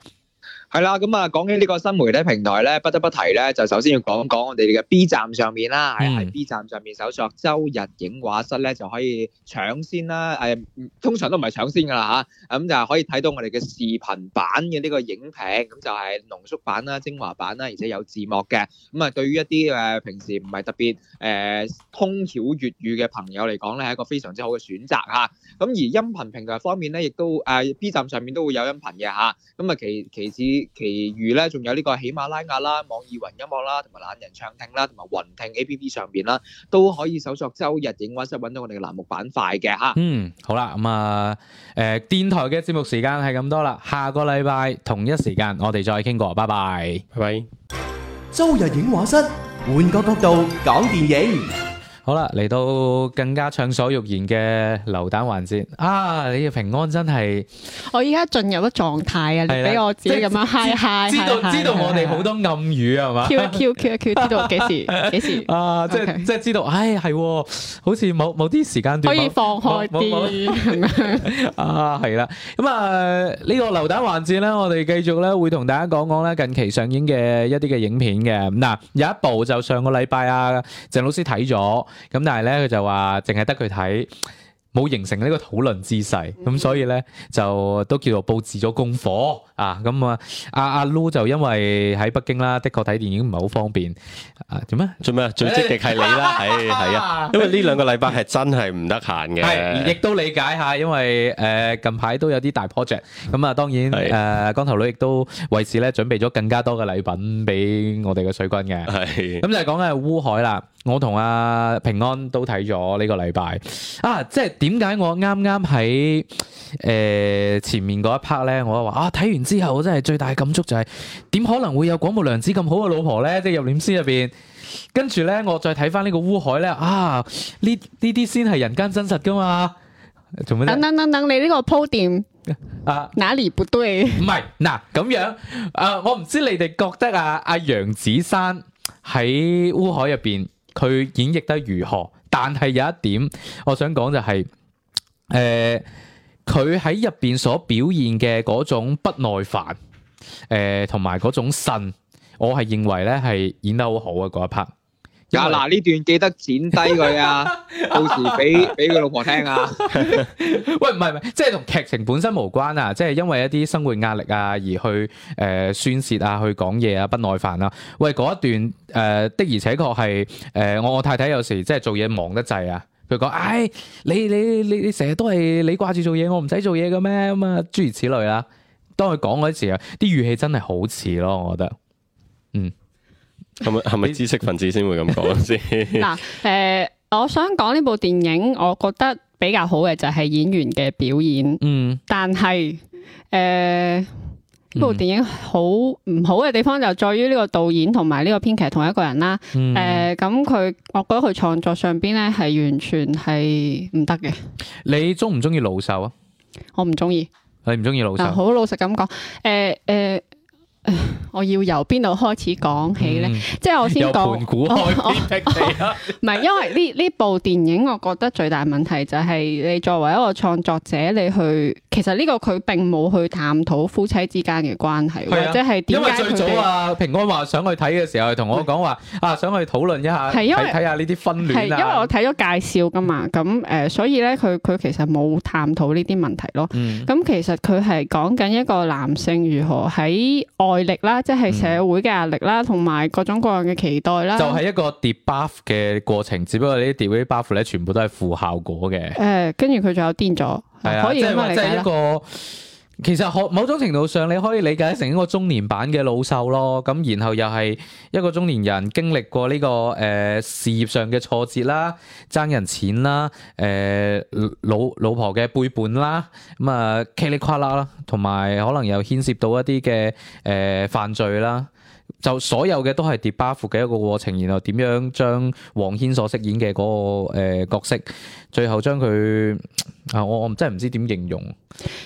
係啦，咁啊，講起呢個新媒體平台咧，不得不提咧，就首先要講講我哋嘅 B 站上面啦，喺、嗯、B 站上面搜索周日映畫室咧，就可以搶先啦。誒、哎，通常都唔係搶先噶啦吓，咁、啊、就可以睇到我哋嘅視頻版嘅呢個影評，咁就係濃縮版啦、精華版啦，而且有字幕嘅。咁啊，對於一啲誒、呃、平時唔係特別誒、呃、通曉粵語嘅朋友嚟講咧，係一個非常之好嘅選擇吓。咁、啊、而音頻平台方面咧，亦都誒、呃、B 站上面都會有音頻嘅吓。咁啊，其其次。其餘咧，仲有呢個喜馬拉雅啦、網易雲音樂啦、同埋懶人暢聽啦、同埋雲聽 APP 上邊啦，都可以搜索周日映畫室揾到我哋嘅欄目板塊嘅吓。嗯，好啦，咁啊，誒，電台嘅節目時間係咁多啦，下個禮拜同一時間我哋再傾過，拜拜，拜拜。周日映畫室，換個角度講電影。好啦，嚟到更加暢所欲言嘅流彈環節啊！你個平安真係我依家進入咗狀態啊，俾我自己咁樣 high high 知道知道我哋好多暗語係嘛？Q 一 Q Q 一 Q，知道幾時幾時啊？即係即係知道，唉係，好似冇某啲時間段可以放開啲啊，係啦。咁啊，呢個流彈環節咧，我哋繼續咧會同大家講講咧近期上映嘅一啲嘅影片嘅。嗱，有一部就上個禮拜啊，鄭老師睇咗。咁但係咧，佢就話淨係得佢睇，冇形成呢個討論姿勢，咁、嗯、所以咧就都叫做佈置咗功課啊！咁啊，阿阿 Lu 就因為喺北京啦，的確睇電影唔係好方便啊！做咩？做咩？最積極係你啦，係係啊！因為呢兩個禮拜係真係唔得閒嘅，亦 都理解下，因為誒、呃、近排都有啲大 project，咁啊當然誒光、呃、頭佬亦都為此咧準備咗更加多嘅禮品俾我哋嘅水軍嘅，係咁是 就係講緊係烏海啦。我同阿平安都睇咗呢個禮拜啊！即係點解我啱啱喺誒前面嗰一 part 咧，我話啊睇完之後，我真係最大嘅感觸就係、是、點可能會有廣末涼子咁好嘅老婆咧？即係入殮師入邊，跟住咧我再睇翻呢個烏海咧啊！呢呢啲先係人間真實噶嘛？等等等等，等等等你呢個鋪墊啊，哪裏不對？唔係嗱咁樣啊、呃，我唔知你哋覺得啊，阿楊子珊喺烏海入邊。佢演繹得如何？但係有一點，我想講就係、是，誒、呃，佢喺入邊所表現嘅嗰種不耐煩，誒、呃，同埋嗰種信，我係認為咧係演得好好啊嗰一 part。嗱呢、啊、段記得剪低佢啊， 到時俾俾佢老婆聽啊。 喂，唔係唔係，即係同劇情本身無關啊，即係因為一啲生活壓力啊，而去誒、呃、宣泄啊，去講嘢啊，不耐煩啊。喂，嗰一段誒、呃、的而且確係誒，呃、我，我太太有時即係做嘢忙得滯啊，佢講，唉、哎，你你你你成日都係你掛住做嘢，我唔使做嘢嘅咩？咁、嗯、啊，諸如此類啦、啊。當佢講嗰時啊，啲語氣真係好似咯，我覺得，嗯。係咪係咪知識分子先會咁講先？嗱，誒，我想講呢部電影，我覺得比較好嘅就係演員嘅表演。嗯，但係誒、呢、呃嗯、部電影好唔好嘅地方就在於呢個導演同埋呢個編劇同一個人啦。誒、嗯，咁佢、呃，我覺得佢創作上邊咧係完全係唔得嘅。你中唔中意老獸啊？我唔中意。你唔中意老獸？好、呃、老實咁講，誒、呃、誒。呃我要由邊度開始講起呢？即係我先講，盤古開天地，唔係因為呢呢部電影，我覺得最大問題就係你作為一個創作者，你去其實呢個佢並冇去探討夫妻之間嘅關係，或者係點解最早啊，平安話想去睇嘅時候，同我講話啊，想去討論一下，係因為睇下呢啲分亂，係因為我睇咗介紹噶嘛，咁誒，所以咧佢佢其實冇探討呢啲問題咯。咁其實佢係講緊一個男性如何喺愛。力啦，即係社會嘅壓力啦，同埋各種各樣嘅期待啦，就係一個 debuff 嘅過程，只不過呢啲 debuff 咧，全部都係負效果嘅。誒、呃，跟住佢仲有癲咗，的可以咁樣理解其實可某種程度上，你可以理解成一個中年版嘅老獸咯。咁然後又係一個中年人，經歷過呢、這個誒、呃、事業上嘅挫折啦，爭人錢啦，誒、呃、老老婆嘅背叛啦，咁啊噼里誇啦啦，同埋可能又牽涉到一啲嘅誒犯罪啦。就所有嘅都係 debuff 嘅一個過程，然後點樣將黃軒所飾演嘅嗰、那個誒、呃、角色？最後將佢啊，我我真係唔知點形容。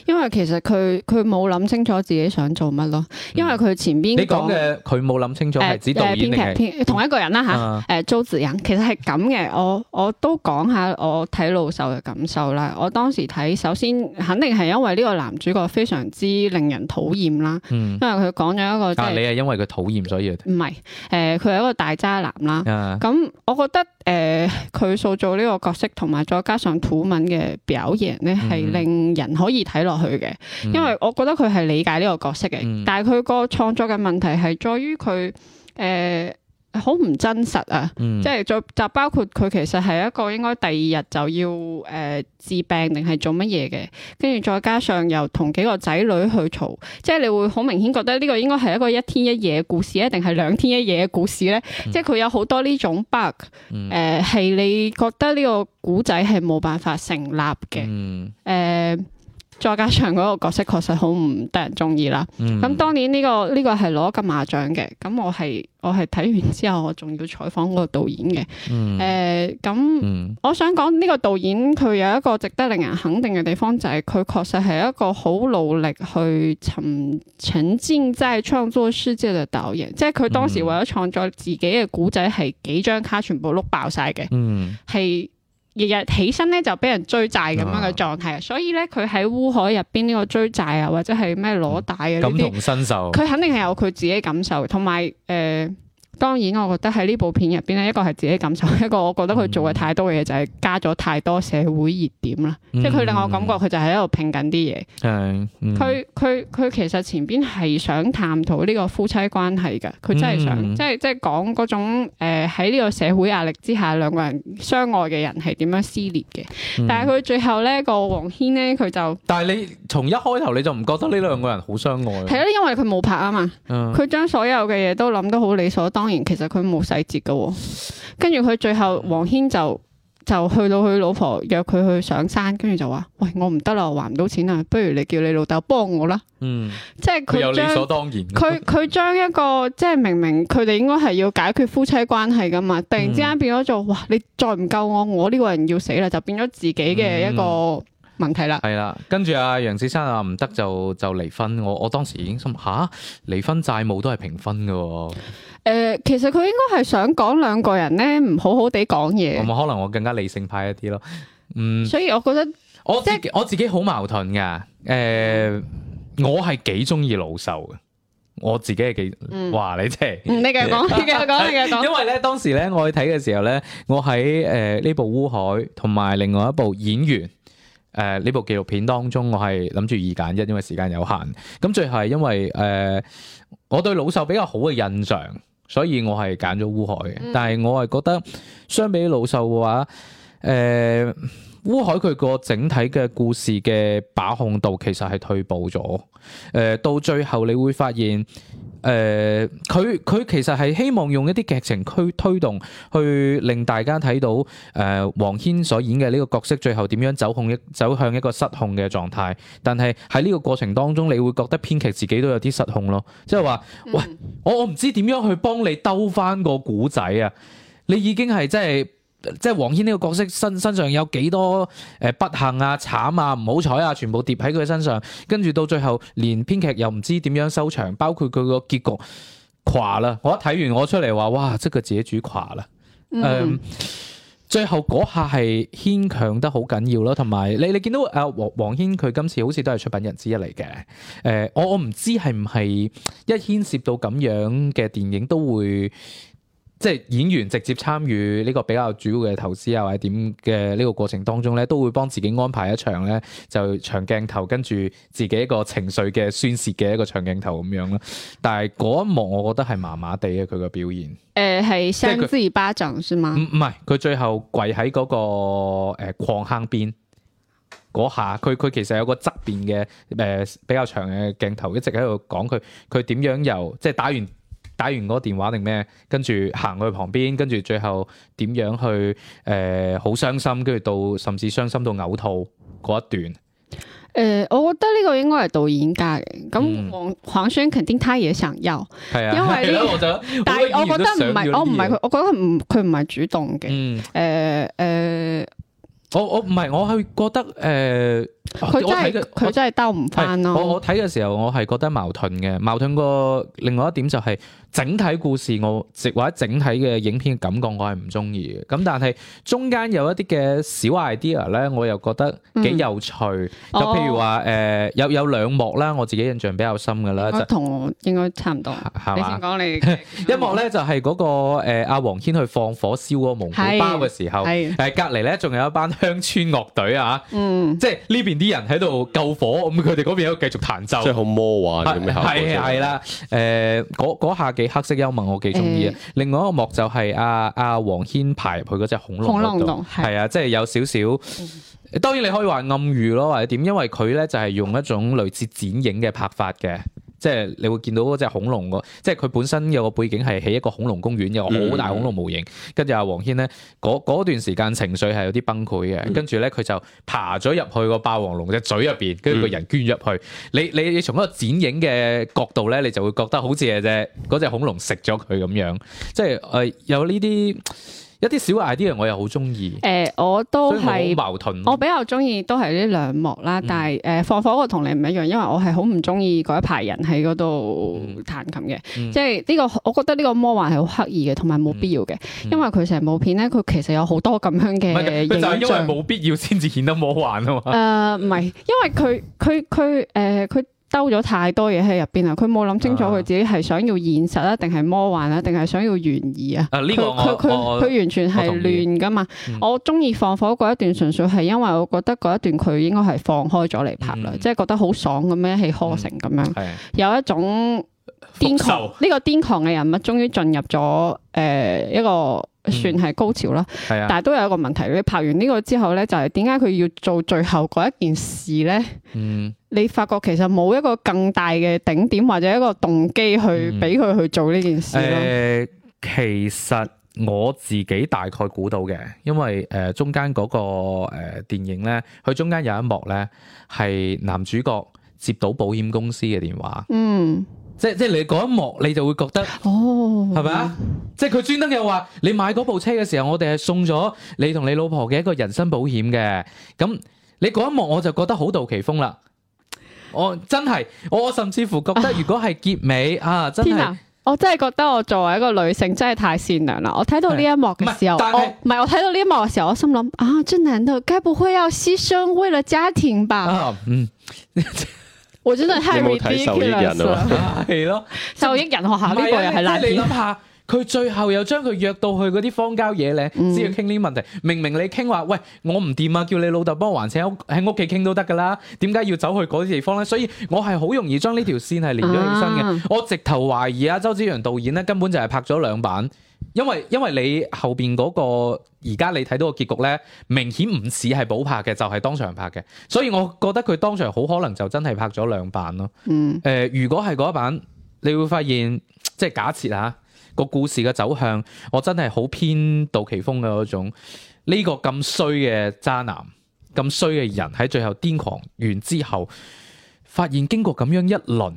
因為其實佢佢冇諗清楚自己想做乜咯。嗯、因為佢前邊講嘅佢冇諗清楚係指導演嘅、呃，同一個人啦、啊、吓。誒、嗯啊呃，周子仁其實係咁嘅。我我都講下我睇老獸嘅感受啦。我當時睇，首先肯定係因為呢個男主角非常之令人討厭啦。嗯、因為佢講咗一個、就是，但、啊、你係因為佢討厭所以唔係誒，佢、呃、係、呃、一個大渣男啦。咁我覺得。誒佢、呃、塑造呢個角色，同埋再加上土文嘅表現咧，係令人可以睇落去嘅。因為我覺得佢係理解呢個角色嘅，但係佢個創作嘅問題係在於佢誒。呃好唔真實啊！嗯、即係就包括佢其實係一個應該第二日就要誒治病定係做乜嘢嘅，跟住再加上又同幾個仔女去嘈，即係你會好明顯覺得呢個應該係一個一天一夜嘅故事咧，定係兩天一夜嘅故事呢、嗯、即係佢有好多呢種 bug，誒、呃、係你覺得呢個古仔係冇辦法成立嘅，誒、嗯。呃再加上嗰個角色確實好唔得人中意啦。咁、嗯、當年呢、呢個呢、呢個係攞緊馬獎嘅，咁我係我係睇完之後，我仲要採訪個導演嘅。誒、嗯，咁、呃嗯、我想講呢個導演佢有一個值得令人肯定嘅地方，就係、是、佢確實係一個好努力去沉沉浸在創作世界嘅導演。嗯、即係佢當時為咗創作自己嘅故仔，係幾張卡全部碌爆晒嘅，係、嗯。嗯日日起身咧就俾人追債咁樣嘅狀態，啊、所以咧佢喺烏海入邊呢個追債啊，或者係咩攞帶呀，感同身受。佢肯定係有佢自己嘅感受，同埋誒。呃當然，我覺得喺呢部片入邊咧，一個係自己感受，一個我覺得佢做嘅太多嘅嘢就係、是、加咗太多社會熱點啦。嗯、即係佢令我感覺佢就係喺度拼緊啲嘢。佢佢佢其實前邊係想探討呢個夫妻關係嘅，佢真係想，嗯、即係即係講嗰種喺呢、呃、個社會壓力之下，兩個人相愛嘅人係點樣撕裂嘅。嗯、但係佢最後呢個黃軒呢，佢就，但係你從一開頭你就唔覺得呢兩個人好相愛？係咯、啊，因為佢冇拍啊嘛，佢將所有嘅嘢都諗得好理所當。其實佢冇細節噶，跟住佢最後黃軒就就去到佢老婆約佢去上山，跟住就話：喂，我唔得啦，還唔到錢啊，不如你叫你老豆幫我啦。嗯，即係佢理所當然將佢佢將一個即係明明佢哋應該係要解決夫妻關係噶嘛，突然之間變咗做哇！你再唔救我，我呢個人要死啦，就變咗自己嘅一個。嗯嗯問題啦，係啦，跟住阿楊子珊啊唔得就就離婚，我我當時已經心吓離、啊、婚債務都係平分噶。誒、呃，其實佢應該係想講兩個人咧唔好好地講嘢。咁、嗯、可能我更加理性派一啲咯。嗯，所以我覺得我即係我自己好即矛盾噶。誒、呃，我係幾中意老壽嘅，我自己係幾，哇、嗯、你真係。 你繼續講，你繼續講，你繼續講。因為咧當時咧我去睇嘅時候咧，我喺誒呢部烏海同埋另外一部演員。誒，呢、呃、部紀錄片當中，我係諗住二揀一，因為時間有限。咁最後係因為，誒、呃，我對老獸比較好嘅印象，所以我係揀咗烏海嘅。嗯、但係我係覺得，相比老獸嘅話，誒、呃，烏海佢個整體嘅故事嘅把控度其實係退步咗。誒、呃，到最後你會發現。誒，佢佢、呃、其實係希望用一啲劇情去推，推動，去令大家睇到誒黃、呃、軒所演嘅呢個角色最後點樣走控，走向一個失控嘅狀態。但係喺呢個過程當中，你會覺得編劇自己都有啲失控咯，即係話，喂，我我唔知點樣去幫你兜翻個故仔啊！你已經係真係。即係黃軒呢個角色身身上有幾多誒不幸啊、慘啊、唔好彩啊，全部跌喺佢身上，跟住到最後連編劇又唔知點樣收場，包括佢個結局垮啦。我一睇完我出嚟話，哇，即係佢自己主垮啦。誒、嗯嗯，最後嗰下係牽強得好緊要咯，同埋你你見到誒黃黃軒佢今次好似都係出品人之一嚟嘅。誒、呃，我我唔知係唔係一牽涉到咁樣嘅電影都會。即係演員直接參與呢個比較主要嘅投資啊，或者點嘅呢個過程當中咧，都會幫自己安排一場咧，就長鏡頭跟住自己一個情緒嘅宣泄嘅一個長鏡頭咁樣咯。但係嗰一幕我覺得係麻麻地嘅。佢個表現。誒、呃，係搧自己巴掌是嗎？唔唔係，佢最後跪喺嗰個誒礦坑邊嗰下，佢佢其實有個側邊嘅誒比較長嘅鏡頭，一直喺度講佢佢點樣由即係打完。打完嗰個電話定咩？跟住行去旁邊，跟住最後點樣去？誒、呃，好傷心，跟住到甚至傷心到嘔吐嗰一段。誒、呃，我覺得呢個應該係導演家嘅。咁、嗯、黃黃軒肯定他也想要，嗯、因為呢，啊啊、就但係我、這個、我覺得唔係，我唔係佢，我覺得唔佢唔係主動嘅。誒誒、嗯呃呃，我我唔係，我係覺得誒，佢、呃、真係佢真係兜唔翻咯。我我睇嘅時候，我係覺得矛盾嘅。矛盾過另外一點就係、是。整體故事我即，或者整體嘅影片嘅感覺我係唔中意嘅，咁但係中間有一啲嘅小 idea 咧，我又覺得幾有趣。就譬如話誒有有兩幕啦，我自己印象比較深嘅啦，就同應該差唔多，係嘛？你先講你一幕咧，就係個誒阿黃軒去放火燒個蒙古包嘅時候，係誒隔籬咧，仲有一班鄉村樂隊啊，嗯，即係呢邊啲人喺度救火，咁佢哋嗰邊喺度繼續彈奏，即係好魔幻咁嘅效果。係係啦，誒嗰嗰下。幾黑色幽默，我幾中意啊！嗯、另外一個幕就係阿阿黃軒排入去嗰隻恐龍度，係啊，即係有少少，的的當然你可以話暗喻咯，或者點，因為佢咧就係用一種類似剪影嘅拍法嘅。即係你會見到嗰隻恐龍喎，即係佢本身有個背景係喺一個恐龍公園，有好大恐龍模型。跟住阿黃軒咧，嗰段時間情緒係有啲崩潰嘅。跟住咧，佢就爬咗入去個霸王龍隻嘴入邊，跟住個人捐入去。嗯、你你你從嗰個剪影嘅角度咧，你就會覺得好似係啫，嗰隻恐龍食咗佢咁樣。即係誒、呃、有呢啲。一啲小 idea 我又好中意，誒、呃、我都係，矛盾我比較中意都係呢兩幕啦。嗯、但係誒、呃、放火個同你唔一樣，因為我係好唔中意嗰一排人喺嗰度彈琴嘅，嗯、即係呢、呢個我覺得呢個魔幻係好刻意嘅，同埋冇必要嘅，因為佢成部片咧，佢其實有好多咁樣嘅。佢就係因為冇必要先至顯得魔幻啊嘛。誒，唔係，因為佢佢佢誒佢。兜咗太多嘢喺入邊啊！佢冇諗清楚佢自己係想要現實啊，定係魔幻啊，定係想要懸疑啊？佢佢佢完全係亂噶嘛！我中意放火嗰一段，純粹係因為我覺得嗰一段佢應該係放開咗嚟拍啦，即係、嗯、覺得好爽咁樣一氣呵成咁樣，嗯、有一種癲狂呢仇個癲狂嘅人物終於進入咗誒、呃、一個算係高潮啦，嗯、但係都有一個問題，你拍完呢個之後呢，就係點解佢要做最後嗰一件事呢？嗯，你發覺其實冇一個更大嘅頂點或者一個動機去俾佢、嗯、去做呢件事咯。誒、呃，其實我自己大概估到嘅，因為誒、呃、中間嗰、那個誒、呃、電影呢，佢中間有一幕呢，係男主角接到保險公司嘅電話，嗯。即係你嗰一幕，你就會覺得，哦，係咪啊？即係佢專登又話，你買嗰部車嘅時候，我哋係送咗你同你老婆嘅一個人身保險嘅。咁你嗰一幕，我就覺得好杜琪峰啦。我真係，我甚至乎覺得，如果係結尾啊，啊，真係，天啊，我真係覺得我作為一個女性，真係太善良啦。我睇到呢一幕嘅時候，唔係我睇到呢一幕嘅時候，我心諗啊，這男的該不會要犧牲為了家庭吧？啊、嗯。 我真係睇受益人咯，係咯、啊，受益人學校呢部又係爛片。即係你諗下，佢最後又將佢約到去嗰啲荒郊野嶺，先要傾呢啲問題。明明你傾話，喂，我唔掂啊，叫你老豆幫我還錢喺屋企傾都得噶啦，點解要走去嗰啲地方咧？所以，我係好容易將呢條線係連咗起身嘅。啊、我直頭懷疑啊，周子陽導演咧根本就係拍咗兩版。因為因為你後邊嗰、那個而家你睇到個結局咧，明顯唔似係補拍嘅，就係、是、當場拍嘅。所以我覺得佢當場好可能就真係拍咗兩版咯。嗯，誒、呃，如果係嗰一版，你會發現即係假設啊，個故事嘅走向，我真係好偏杜琪峰嘅嗰種呢、這個咁衰嘅渣男，咁衰嘅人喺最後癲狂完之後，發現經過咁樣一輪，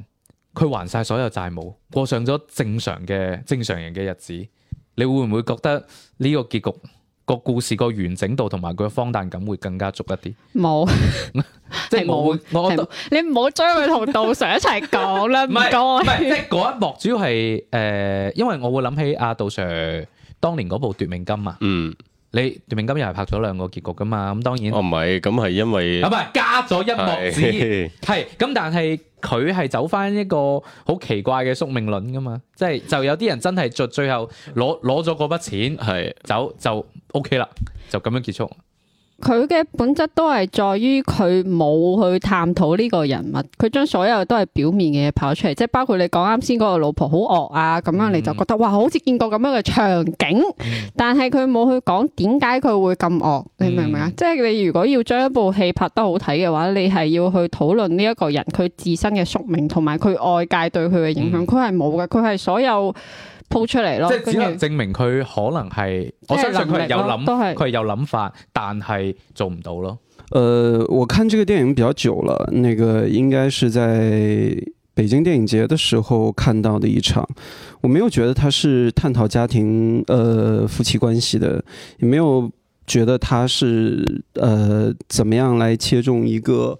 佢還晒所有債務，過上咗正常嘅正常人嘅日子。你會唔會覺得呢個結局個故事個完整度同埋佢嘅荒誕感會更加足一啲？冇有，即係冇，我，你唔好將佢同杜 Sir 一齊講啦，唔該 謝謝。唔係，即係嗰一幕主要係誒、呃，因為我會諗起阿杜 Sir 當年嗰部奪命金啊。嗯。你奪命金又係拍咗兩個結局㗎嘛？咁當然，哦唔係，咁係因為，唔係、啊、加咗一幕子，係咁是，但係佢係走返一個好奇怪嘅宿命論㗎嘛？即、就、係、是、就有啲人真係在最後攞攞咗嗰筆錢，係是走就 O K 啦，就咁、OK、樣結束。佢嘅本質都係在於佢冇去探討呢個人物，佢將所有都係表面嘅嘢拍出嚟，即係包括你講啱先嗰個老婆好惡啊，咁樣你就覺得哇好似見過咁樣嘅場景，但係佢冇去講點解佢會咁惡，你明唔明啊？嗯、即係你如果要將一部戲拍得好睇嘅話，你係要去討論呢一個人佢自身嘅宿命同埋佢外界對佢嘅影響，佢係冇嘅，佢係所有。鋪出嚟咯，即係只能證明佢可能係，能我相信佢係有諗，佢係都是 有諗法，但係做唔到咯。誒、呃，我看這個電影比較久了，那個應該是在北京電影節的時候看到的一場。我沒有覺得他是探討家庭，誒、呃、夫妻關係的，也沒有覺得他是誒、呃，怎麼樣來切中一個。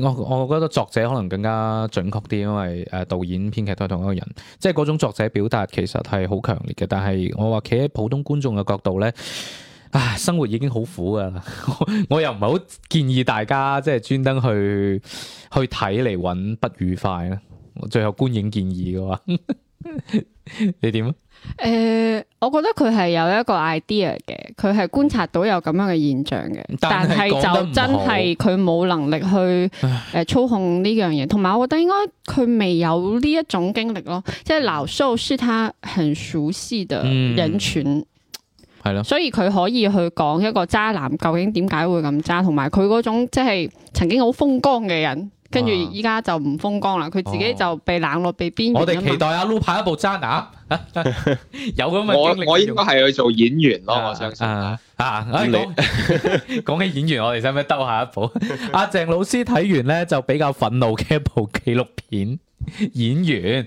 我我覺得作者可能更加準確啲，因為誒導演編劇都係同一個人，即係嗰種作者表達其實係好強烈嘅。但係我話企喺普通觀眾嘅角度咧，唉，生活已經好苦㗎喇！我又唔係好建議大家即係專登去去睇嚟揾不愉快啊！最後觀影建議嘅話， 你點啊？誒、呃，我覺得佢係有一個 idea 嘅，佢係觀察到有咁樣嘅現象嘅，但係就真係佢冇能力去誒操控呢樣嘢，同埋唉我覺得應該佢未有呢一種經歷咯，即係劉叔是他很熟悉的人群，嗯、所以佢可以去講一個渣男究竟點解會咁渣，同埋佢嗰種即係曾經好風光嘅人。跟住依家就唔風光啦，佢自己就被冷落、哦、被邊緣。我哋期待阿 Lu 拍一部爭啊！ 有咁嘅經歷。我我應該係去做演員咯，啊、我相信。啊，講講起演員，我哋使唔使兜下一部？阿、 啊、鄭老師睇完咧就比較憤怒嘅一部紀錄片 演員。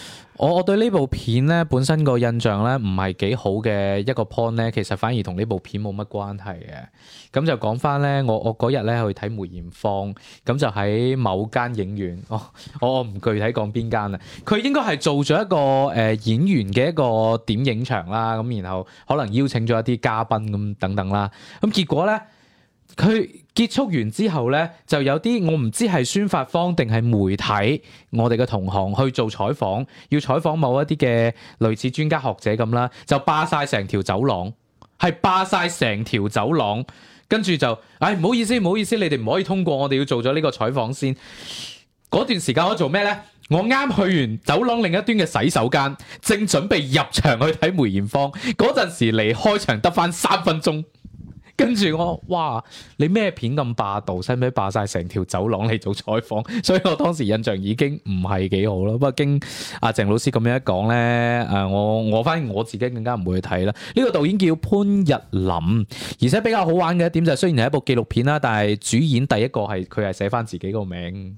我我對呢部片咧本身個印象咧唔係幾好嘅一個 point 咧，其實反而同呢部片冇乜關係嘅。咁就講翻咧，我我嗰日咧去睇梅艷芳，咁就喺某間影院，我我唔具體講邊間啦。佢應該係做咗一個誒、呃、演員嘅一個點映場啦。咁然後可能邀請咗一啲嘉賓咁等等啦。咁結果咧。佢結束完之後呢，就有啲我唔知係宣發方定係媒體，我哋嘅同行去做採訪，要採訪某一啲嘅類似專家學者咁啦，就霸晒成條走廊，係霸晒成條走廊，跟住就，唉、哎、唔好意思唔好意思，你哋唔可以通過，我哋要做咗呢個採訪先。嗰段時間我做咩呢？我啱去完走廊另一端嘅洗手間，正準備入場去睇梅艷芳嗰陣時，離開場得返三分鐘。跟住我，哇！你咩片咁霸道，使唔使霸晒成條走廊嚟做採訪？所以我當時印象已經唔係幾好咯。不過經阿鄭老師咁樣一講咧，誒，我我反而我自己更加唔會去睇啦。呢個導演叫潘日林，而且比較好玩嘅一點就係，雖然係一部紀錄片啦，但係主演第一個係佢，係寫翻自己個名。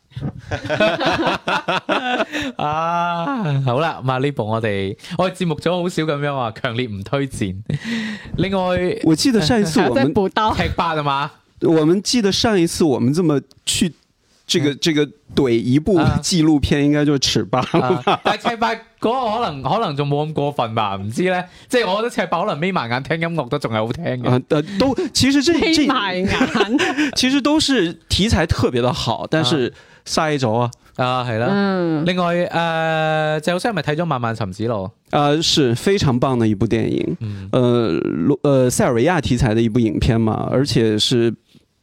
啊，好啦，咁啊呢部我哋我哋節目組好少咁樣話，強烈唔推薦。另外，我記得上一次我們布兜吃嘛？ 我，我們 我記得上一次我們這麼去。這個這個懟一部紀錄片應該就尺八、啊啊，但尺八嗰個可能可能仲冇咁過分吧，唔知咧。即係我覺得尺八可能眯埋眼聽音樂都仲好聽嘅、啊呃，都其實這這其實都是題材特別的好，但是嘥咗啊，係啦、啊。啊嗯、另外誒，鄭浩生係咪睇咗《漫漫尋子路》？啊、呃，是非常棒嘅一部電影，誒、嗯，誒、呃呃、塞爾維亞題材嘅一部影片嘛，而且是。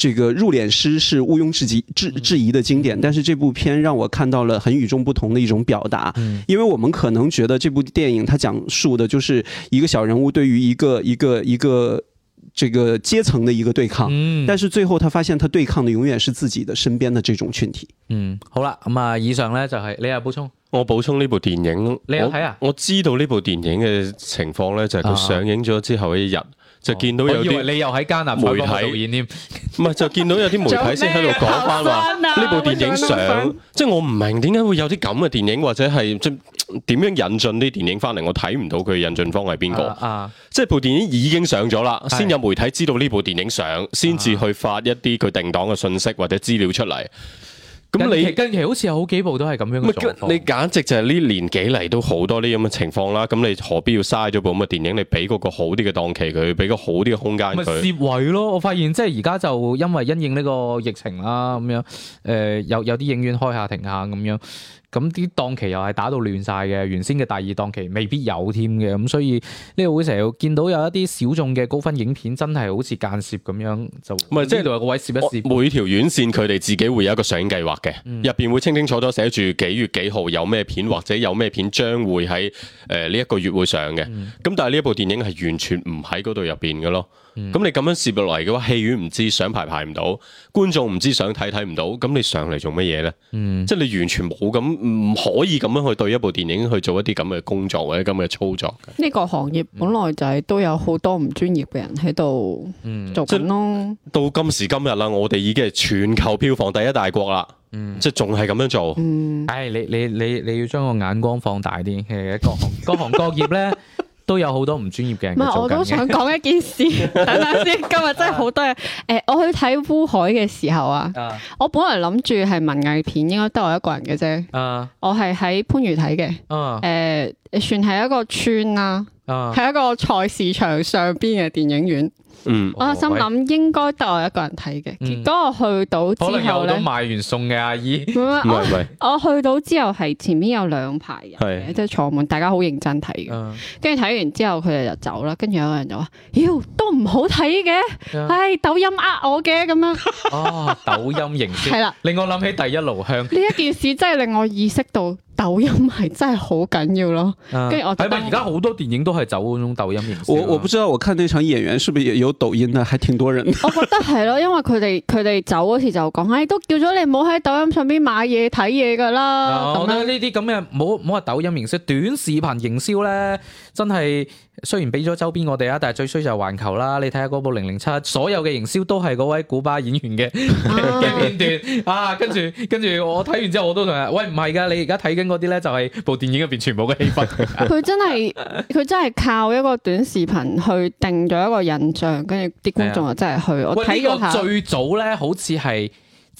這個入殮師是毋庸置疑置質疑的經典，嗯、但是這部片讓我看到了很與眾不同的一種表達。嗯、因為我們可能覺得這部電影，它講述的就是一個小人物對於一個一個一個，一個這個階層的一個對抗。嗯、但是最後他發現他對抗的永遠是自己的身邊的這種群體。嗯，好啦，咁啊，以上咧就係、是、你要補充。我補充呢部電影，你啊要睇我啊，我知道呢部電影嘅情況咧就係佢上映咗之後一日、啊。就見到有啲媒體，你又喺加拿媒體導演添，唔 係就見到有啲媒體先喺度講翻話呢部電影上，即係我唔明點解會有啲咁嘅電影或者係即係點樣引進啲電影翻嚟，我睇唔到佢引進方係邊個？啊，uh, uh, 即係部電影已經上咗啦，uh, 先有媒體知道呢部電影上，先至去發一啲佢定檔嘅信息或者資料出嚟。咁你近期好似有好幾部都係咁樣嘅狀況。你簡直就係呢年幾嚟都好多呢咁嘅情況啦。咁你何必要嘥咗部咁嘅電影，你俾嗰個好啲嘅檔期佢，俾個好啲嘅空間佢。攝位咯，我發現即係而家就因為因應呢個疫情啦，咁樣，誒，有有啲影院開下停下咁樣。咁啲檔期又係打到亂晒嘅，原先嘅第二檔期未必有添嘅，咁所以呢個會成日見到有一啲小眾嘅高分影片，真係好似間接咁樣就唔係是就即係話個位蝕一蝕，我每條院線佢哋自己會有一個上映計劃嘅，入邊、嗯、會清清楚楚寫住幾月幾號有咩片或者有咩片將會喺誒呢一個月會上嘅，咁、嗯、但係呢一部電影係完全唔喺嗰度入邊嘅咯。咁、嗯、你咁樣攝落嚟嘅話，戲院唔知想排排唔到，觀眾唔知想睇睇唔到，咁你上嚟做乜嘢呢？嗯、即係你完全冇咁唔可以咁樣去對一部電影去做一啲咁嘅工作或者咁嘅操作。呢個行業本來就係都有好多唔專業嘅人喺度做緊咯、嗯嗯。到今時今日啦，我哋已經係全球票房第一大國啦。嗯、即係仲係咁樣做。嗯哎、你你你，你要將個眼光放大啲，各行 各行各業呢。 都有好多唔專業嘅人，唔係，我都想講一件事。 等等先，今日真係好多嘢。誒、呃，我去睇烏海嘅時候啊，uh, 我本來諗住係文藝片，應該得我一個人嘅啫。Uh, 我係喺番禺睇嘅，誒、uh, 呃，算係一個村啦、啊。係、啊、一個菜市場上邊嘅電影院，嗯哦、我心諗應該得我一個人睇嘅。嗯、結果。我去到之後咧，買完餸嘅阿姨， 我,喂我去到之後係前面有兩排人，即係是坐滿，大家好認真睇嘅。跟住睇完之後，佢哋就走啦。跟住有個人就話：，妖都唔好睇嘅，唉，抖音呃我嘅咁樣。啊、哦，抖音營銷係啦， 令我諗起第一爐香、嗯。呢一件事真係令我意識到。抖音係真係好緊要咯，跟住、啊、我。係咪而家好多電影都係走嗰種抖音營銷？我我不知道，我看呢場演員是不是有抖音啊？還挺多人。我覺得係咯， 因為佢哋佢哋走嗰時就講，唉、哎，都叫咗你唔好喺抖音上邊買嘢睇嘢㗎啦。咁、哦、呢啲咁嘅，唔好唔好話抖音營銷，短視頻營銷呢。真係雖然俾咗周邊我哋啊，但係最衰就係環球啦。你睇下嗰部《零零七》，所有嘅營銷都係嗰位古巴演員嘅嘅片段啊。跟住跟住，我睇完之後我都同人，喂，唔係噶，你而家睇緊嗰啲咧，就係部電影入邊全部嘅戲份。佢 真係佢真係靠一個短視頻去定咗一個印象，跟住啲觀眾就真係去、哎、呀我睇過最早咧，好似係。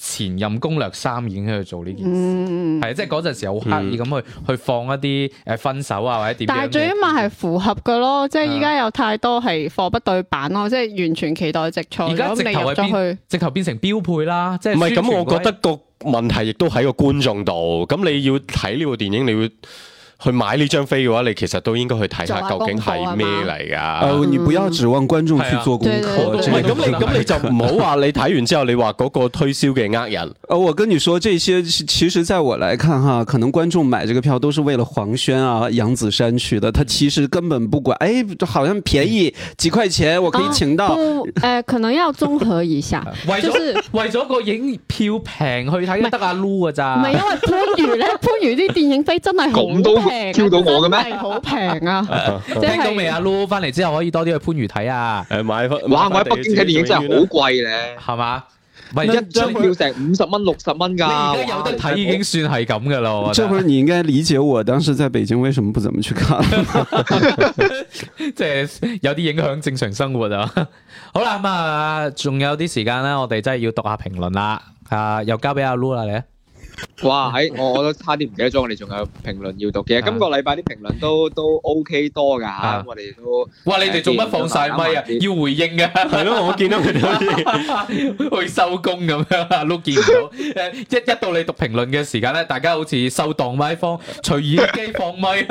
前任攻略三已經喺度做呢件事，係、嗯、即係嗰陣時好刻意咁去、嗯、去放一啲誒分手啊或者點樣，但係最起碼係符合嘅咯，嗯、即係依家有太多係貨不對版咯，即係完全期待直錯。而家直頭變、變成標配啦，即係唔係咁？我覺得個問題亦都喺個觀眾度。咁你要睇呢部電影，你要。去買呢張飛嘅話，你其實都應該去睇下究竟係咩嚟噶。你不要指望觀眾去做功課。咁，你咁你就唔好話你睇完之後，你話嗰個推銷嘅呃人。我跟你說，這些其實在我來看哈，可能觀眾買這個票都是為了黃軒啊、楊子珊去的。他其實根本不管，誒，好像便宜幾塊錢，我可以請到。可能要綜合一下，為咗個影票平去睇得下擼嘅咋。唔係因為番禺咧，番禺啲電影飛真係好平。挑到我嘅咩？好平啊！聽到未阿 Lu 翻嚟之後可以多啲去番禺睇啊！誒，買翻，哇！我喺北京睇電影真係好貴咧，係嘛、嗯？唔係那一張票成五十蚊、六十蚊噶，而家有得睇已經算係咁嘅啦。哇我這回你應該理解我當時在北京為什麼不怎麼去看，即係有啲影響正常生活啊。 好啦，咁、嗯、啊，仲有啲時間啦，我哋真係要讀下評論啦。啊、呃，又交俾阿 Lu 啦，你啊。哇喺我、欸、我都差啲唔記得咗，我哋仲有評論要讀嘅。啊、今個禮拜啲評論都都 O K 多噶，我哋都。哇，你哋做乜放晒咪？啊？啊要回應噶係咯，啊、 我見到佢哋好似去收工咁樣，碌見到誒 一一到你讀評論嘅時間咧，大家好似收檔咪放隨耳機放咪，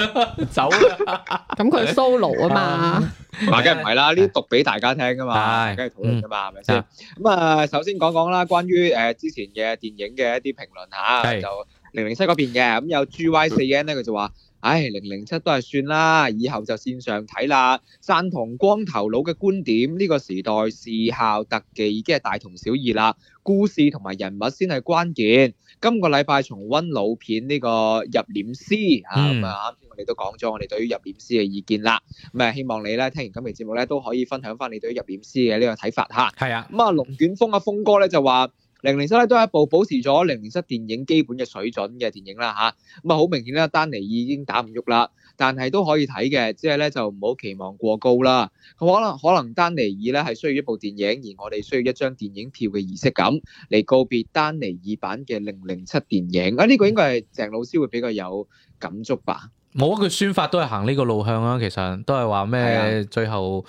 走啦、啊。咁佢 solo 啊嘛。嗯嗯嗯嗱，梗係唔係啦，呢啲讀俾大家聽噶嘛，梗係討論噶嘛，係咪先？咁啊、嗯嗯，首先講講啦，關於誒之前嘅電影嘅一啲評論吓，就邊《零零七》嗰邊嘅，咁有 G Y 四 N 咧，佢就話，唉，《零零七》都係算啦，以後就綫上睇啦。贊同光頭佬嘅觀點，呢、這個時代視效特技已經係大同小異啦，故事同埋人物先係關鍵。今個禮拜重温老片呢個《入殮師》啊、嗯，咁啊啱先我哋都講咗我哋對於《入殮師》嘅意見啦，咁啊希望你咧聽完今期節目咧都可以分享翻你對於《入殮師》嘅呢個睇法嚇。係啊，咁啊、嗯、龍捲風啊峰哥咧就話《零零七》咧都係一部保持咗《零零七》電影基本嘅水準嘅電影啦嚇，咁啊好明顯咧丹尼已經打唔喐啦。但係都可以睇嘅，即係咧就唔好期望過高啦。咁可能可能丹尼爾咧係需要一部電影，而我哋需要一張電影票嘅儀式感嚟告別丹尼爾版嘅零零七電影。啊，呢個應該係鄭老師會比較有感觸吧？冇一個宣發都係行呢個路向啊。其實都係話咩？最後。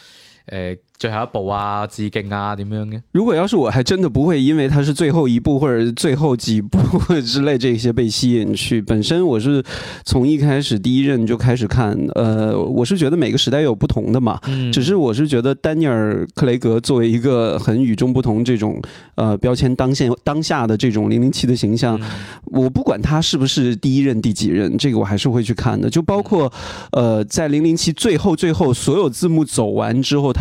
呃，最後一步啊，致敬啊，點樣嘅？如果要是我，還真的不會因為他是最後一步或者最後幾步之類，這些被吸引去。本身我是從一開始第一任就開始看，呃，我是覺得每個時代有不同的嘛。嗯。只是我是覺得丹尼爾·克雷格作為一個很與眾不同這種，呃標籤當現當下的這種零零七的形象，嗯。我不管他是不是第一任第幾任，這個我還是會去看的。就包括，呃，在零零七最後最後所有字幕走完之後。他。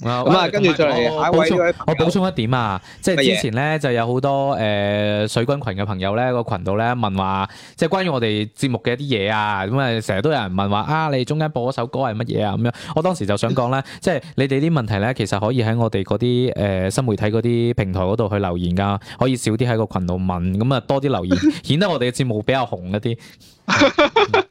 咁啊，嗯、跟住就嚟我補充，補充一點啊，即係之前呢麼就有好多誒、呃、水軍群嘅朋友呢、個群度呢問話，即係關於我哋節目嘅一啲嘢啊，咁啊成日都有人問話啊，你中間播嗰首歌係乜嘢啊咁樣？我當時就想講呢， 即係你哋啲問題呢，其實可以喺我哋嗰啲誒新媒體嗰啲平台嗰度去留言噶，可以少啲喺個群度問，咁啊多啲留言，顯得我哋嘅節目比較紅一啲。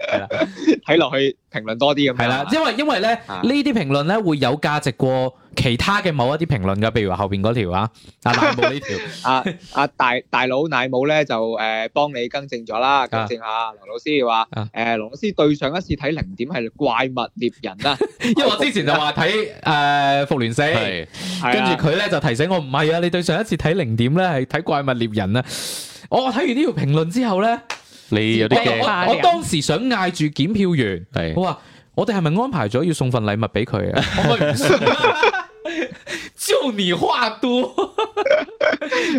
睇落 去評論多啲咁，係啦，因為因為咧呢啲評論咧會有價值過其他嘅某一啲評論㗎，譬如話後邊嗰條啊，阿、 啊啊、奶母呢條，阿阿大大佬奶母咧就誒幫、呃、你更正咗啦，更正下羅老師話，誒羅、啊呃、老師對上一次睇零點係怪物獵人啦、啊， 因為我之前就話睇誒復聯四，跟住佢咧就提醒我唔係啊，你對上一次睇零點咧係睇怪物獵人啊，我睇完呢條評論之後咧。 你有啲驚，我當時想嗌住檢票員，我話我哋係咪安排咗要送份禮物俾佢啊？就你話多，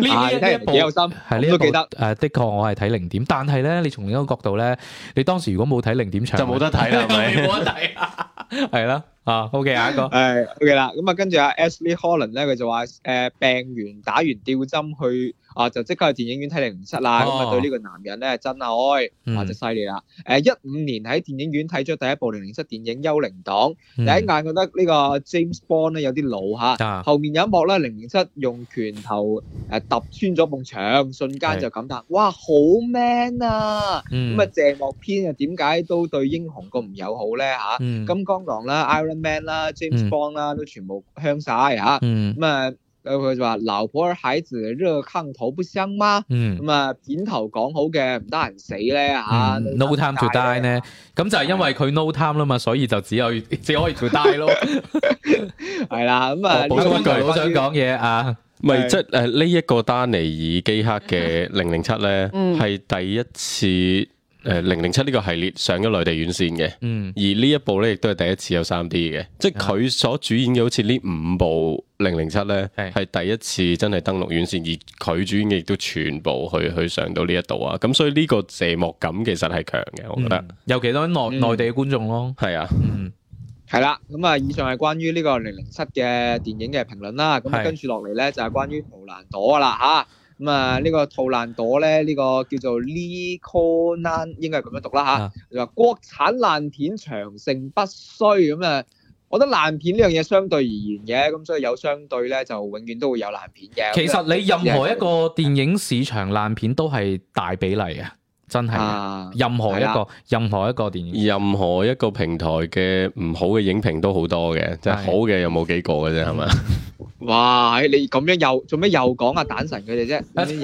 幾有心，你都記得。誒，的確我係睇零點，但係咧，你從另一個角度咧，你當時如果冇睇零點場，就冇得睇啦，係咪？冇得睇，係啦，啊，OK，下一個係 OK 啦。咁啊，跟住阿 Ashley Holland 咧，佢就話誒病完打完吊針去。啊！就即刻去電影院睇《零零七》啦，咁啊，對呢個男人咧，真愛啊，真犀利啦！誒一五年喺電影院睇咗第一部《零零七》電影《幽靈黨》，第一眼覺得呢個 James Bond 咧有啲老嚇，後面有一幕咧《零零七》用拳頭誒揼穿咗埲牆，瞬間就咁打，哇好 man 啊！咁啊謝幕篇啊，點解都對英雄咁唔友好咧嚇？金剛狼啦、Iron Man 啦、James Bond 啦都全部香曬嚇，咁啊～佢就話老婆孩子熱炕頭不香嗎？咁啊點頭講好嘅唔得閒死咧啊 No Time to Die 咧、啊，咁、呃嗯、就係因為佢 no time 啦嘛，所以就只有只可以 to die 咯，係啦咁啊補充一句，我、嗯、想講嘢啊，咪即誒呢一個丹尼爾基克嘅零零七咧，係、嗯、第一次。誒零零七呢個系列上咗內地院線嘅，嗯、而呢一部呢亦都係第一次有三 d 嘅，的即係佢所主演嘅好似呢五部零零七呢係第一次真係登陸院線，而佢主演嘅亦都全部去去上到呢一度啊，咁所以呢個謝幕感其實係強嘅，我覺得。嗯、尤其多內、嗯、內地嘅觀眾咯，係啊的，係啦、嗯，咁啊，以上係關於呢個零零七嘅電影嘅評論啦，咁跟住落嚟呢，就係關於《圖蘭朵》啦嚇。咁啊，呢、嗯這個圖蘭朵咧，呢、這個叫做 Lee Conan，應該係咁樣讀啦吓，又話、嗯啊、國產爛片長盛不衰，咁啊，我覺得爛片呢樣嘢相對而言嘅，咁、嗯、所以有相對咧，就永遠都會有爛片嘅。其實你任何一個電影市場爛片都係大比例啊。嗯嗯嗯真係，啊、任何一個、啊、任何一個電影，任何一個平台嘅唔好嘅影評都好多嘅，即係好嘅又冇幾個嘅啫，係咪？ 哇！你咁樣又做咩又講阿蛋神佢哋啫？有 樣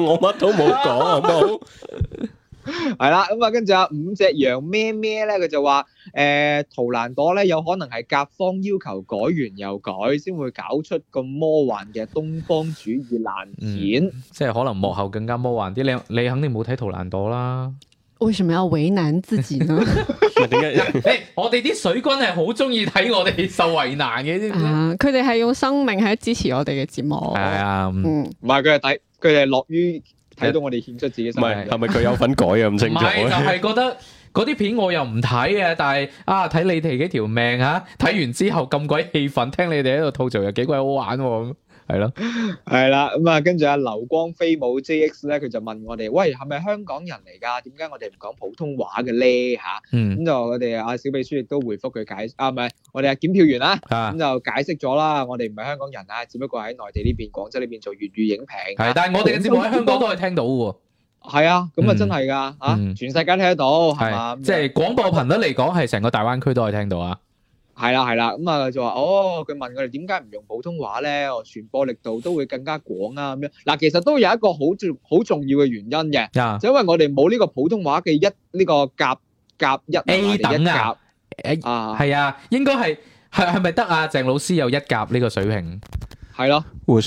又 我乜都冇講，好唔好？ 係啦，咁啊，跟住啊，五隻羊咩咩咧，佢就話誒，圖蘭朵咧有可能係甲方要求改完又改，先會搞出個魔幻嘅東方主義爛片，即係可能幕後更加魔幻啲。你你肯定冇睇圖蘭朵啦？為什麼要為難自己呢？點解？誒，我哋啲水軍係好中意睇我哋受為難嘅啫。佢哋係用生命喺支持我哋嘅節目。係啊，嗯，唔係佢係抵，佢係樂於。睇到我哋獻出自己是，唔係係咪佢有份改啊？唔清楚。唔係就係、是、覺得嗰啲片我又唔睇嘅，但係啊，睇你哋幾條命嚇、啊，睇完之後咁鬼氣憤，聽你哋喺度吐槽又幾鬼好玩喎、啊。係咯，係啦，咁啊，跟住啊，流光飛舞 JX 咧，佢就問我哋，喂，係咪香港人嚟㗎？點解我哋唔講普通話嘅咧？嚇，嗯，咁就我哋啊，小秘書亦都回覆佢解，啊，唔係，我哋啊，檢票員啊，咁就解釋咗啦。我哋唔係香港人啊，只不過喺內地呢邊、廣州呢邊做粵語影評。係，但係我哋嘅節目喺香港都可以聽到喎。係啊，咁啊，真係㗎，嚇，全世界聽得到，係啊。即係廣播頻率嚟講，係成個大灣區都可以聽到啊。係啦，係啦，咁啊就話，哦，佢問我哋點解唔用普通話咧？我傳播力度都會更加廣啊咁樣。嗱，其實都有一個好重好重要嘅原因嘅，啊、就因為我哋冇呢個普通話嘅一呢、這個甲甲一 A 等啊，係啊，應該係係係咪得啊？是是鄭老師有一甲呢個水平，係咯的。胡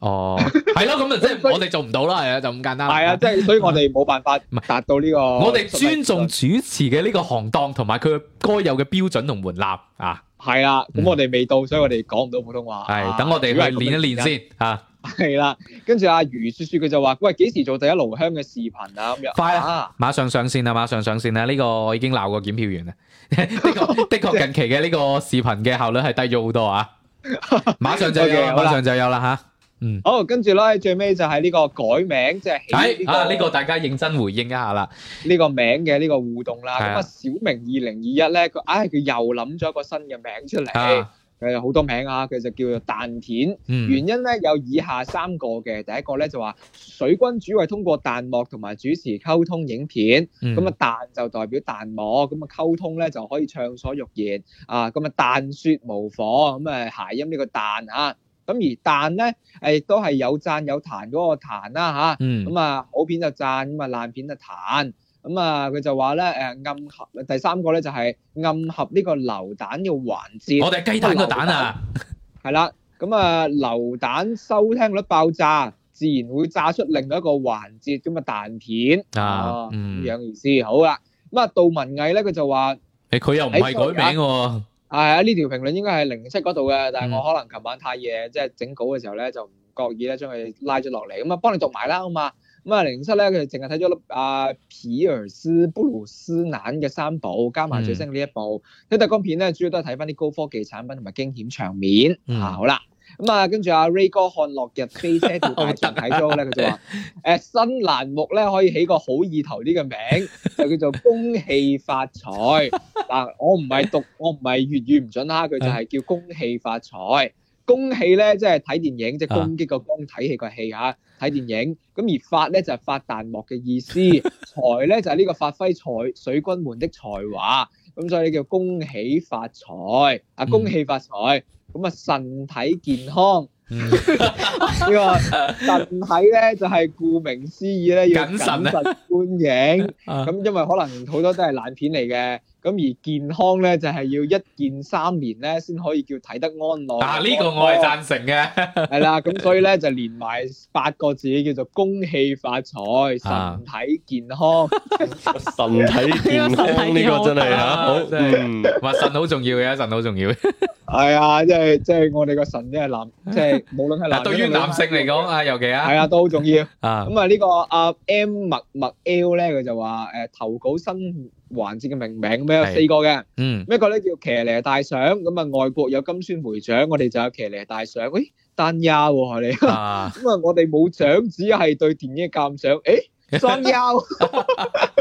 哦，係咯，咁啊，即係我哋做唔到啦，係啊，就咁簡單。係啊，即係，所以我哋冇辦法達到呢個。我哋尊重主持嘅呢個行當同埋佢該有嘅標準同門檻啊。係啊，咁我哋未到，所以我哋講唔到普通話。係，等我哋去練一練先啊。係啦，跟住阿余雪雪佢就話：喂，幾時做第一爐香嘅視頻啊？咁樣快啊！馬上上綫啊！馬上上綫啊！呢個我已經鬧過檢票員啦。呢個的確近期嘅呢個視頻嘅效率係低咗好多啊！馬上就有，馬上就有啦吓。嗯，好，跟住咧，最尾就係呢個改名，即係起名。咁而彈咧，誒都係有讚有彈嗰個彈啦嚇，咁啊、嗯、好片就讚，咁啊爛片就彈，咁、嗯、啊佢就話咧誒暗合第三個咧就係暗合呢個流彈嘅環節。我哋雞蛋個蛋啊，係啦彈，咁啊流、嗯嗯、彈收聽率爆炸，自然會炸出另一個環節，咁啊彈片啊，咁、嗯啊、樣意思好啦，咁、欸、啊杜文毅咧佢就話誒佢又唔係改名喎。啊係啊，呢條評論應該係零零七嗰度嘅，但係我可能琴晚太夜，嗯、即係整稿嘅時候咧就唔覺意咧將佢拉咗落嚟，咁啊幫你讀埋啦，好嘛？咁、嗯、啊零零七咧佢淨係睇咗粒阿皮爾斯布魯斯南嘅三部，加埋最新呢一部，睇特工片咧主要都係睇翻啲高科技產品同埋驚險場面嚇、嗯啊，好啦。咁啊，跟住阿 Ray 哥看落日飛車度，大槓睇咗咧，佢就話：誒新欄目咧可以起個好意頭呢個名，就叫做恭喜發財。嗱、啊，我唔係讀，我唔係粵語唔準啦，佢就係叫恭喜發財。恭喜咧，即係睇電影，即係攻擊個光睇戲個戲嚇。睇電影咁而發咧就係、是、發彈幕嘅意思，財咧 就係、是、呢個發揮才水軍們的才華。咁所以叫恭喜發財啊！恭喜發財。嗯。咁啊，身體健康呢個、嗯、 身體咧就係、是、顧名思義咧，要謹慎觀影。咁謹慎呢？ 因為可能好多都係爛片嚟嘅。咁而健康咧就係要一鍵三連咧，先可以叫睇得安樂。嗱呢個我係贊成嘅，係啦，咁所以咧就連埋八個字叫做恭喜發財，身體健康。身體健康呢個真係啊，好，嗯，話腎好重要嘅，腎好重要。係啊，即係即係我哋個腎即係男，即係無論係男。對於男性嚟講啊，尤其啊，係啊都好重要。咁啊呢個阿 M 麥麥 L 咧，佢就話誒，投稿新環節嘅名名咩？有四個嘅，咩個咧叫騎呢大賞？咁啊，外國有金酸梅獎，我哋就有騎呢大賞。喂，單押你，咁啊，我哋冇獎，只係對電影嘅鑑賞。誒，雙押。咁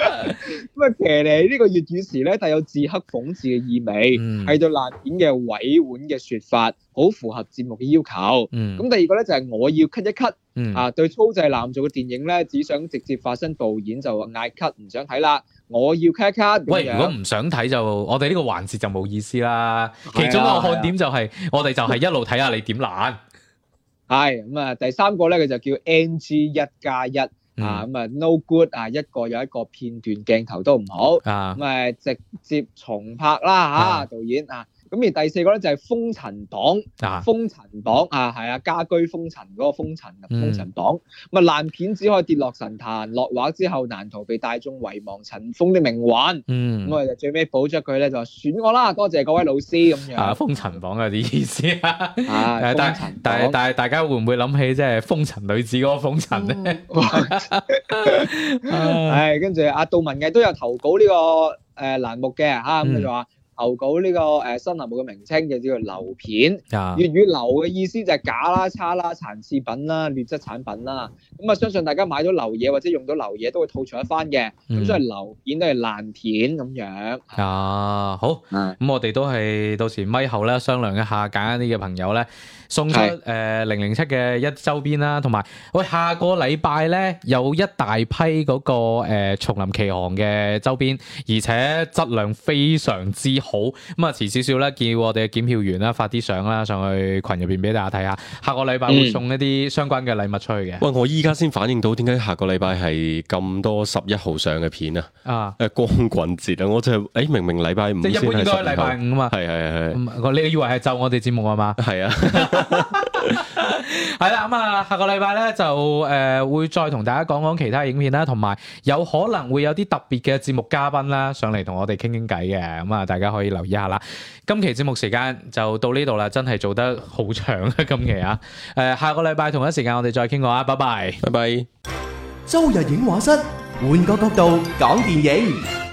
啊，騎呢呢個粵語詞咧，帶有自黑諷刺嘅意味，係對爛片嘅委婉嘅說法，好符合節目嘅要求。咁第二個咧就係我要 cut 一 cut。嗯。啊，對粗製濫造嘅電影咧，只想直接發聲，導演就嗌 cut，唔想睇啦。我要卡卡。喂，如果唔想睇就，我哋呢個環節就冇意思啦。啊、其中一個看點就係、是，啊、我哋就係一路睇下你點爛。係咁啊，第三個咧佢就叫 NG 一加一啊，咁啊 no good 啊，一個有一個片段鏡頭都唔好，咁啊，直接重拍啦吓、啊啊，導演啊。咁而第四個咧就係封塵黨，封、啊、塵黨啊，係啊，家居封塵嗰個封塵嘅封，封塵黨。咁啊、嗯，爛片只可以跌落神壇，落畫之後難逃被大眾遺忘，塵封的命運。嗯，咁我哋就最尾補咗句咧，就話選我啦，多謝，謝各位老師咁樣。啊，封塵黨有啲意思啊，但係但係但係大家會唔會諗起即係風塵女子嗰個風塵咧？係、 哎，跟住阿杜文藝都有投稿呢個誒欄目嘅嚇，咁佢就話。嗯牛稿呢、這個誒、呃、新欄目嘅名稱就叫做流片，粵、啊、語流嘅意思就係假啦、差啦、殘次品啦、劣質產品啦。咁、嗯、啊，相信大家買咗流嘢或者用到流嘢都會吐槽一番嘅。咁所以流片都係爛片咁樣。啊，好，咁、啊、我哋都係到時咪後啦，商量一下，揀一啲嘅朋友咧。送出誒零零七嘅一周邊啦，同埋喂，下個禮拜咧有一大批嗰、那個誒《呃、叢林奇航》嘅周邊，而且質量非常之好。咁、嗯、啊，遲少少咧，叫我哋嘅檢票員啦，發啲相啦，上去群入邊俾大家睇下。下個禮拜會送一啲相關嘅禮物出去嘅。喂、嗯，我依家先反應到點解下個禮拜係咁多十一號上嘅片啊？啊，誒、呃、光棍節啊，我就誒、是欸、明明禮拜五，即係一般應該係禮拜五啊嘛。係係係係。你以為係就我哋節目啊？嘛是的？係啊。係啦，咁啊，下個禮拜呢就誒會再同大家講講其他影片啦，同埋有可能會有啲特別嘅節目嘉賓啦上嚟同我哋傾傾偈嘅，咁啊大家可以留意下啦。今期節目時間就到呢度啦，真係做得好長啊！今期啊，誒下個禮拜同一時間我哋再傾過啊，拜拜，拜拜。周日映畫室，換個角度講電影。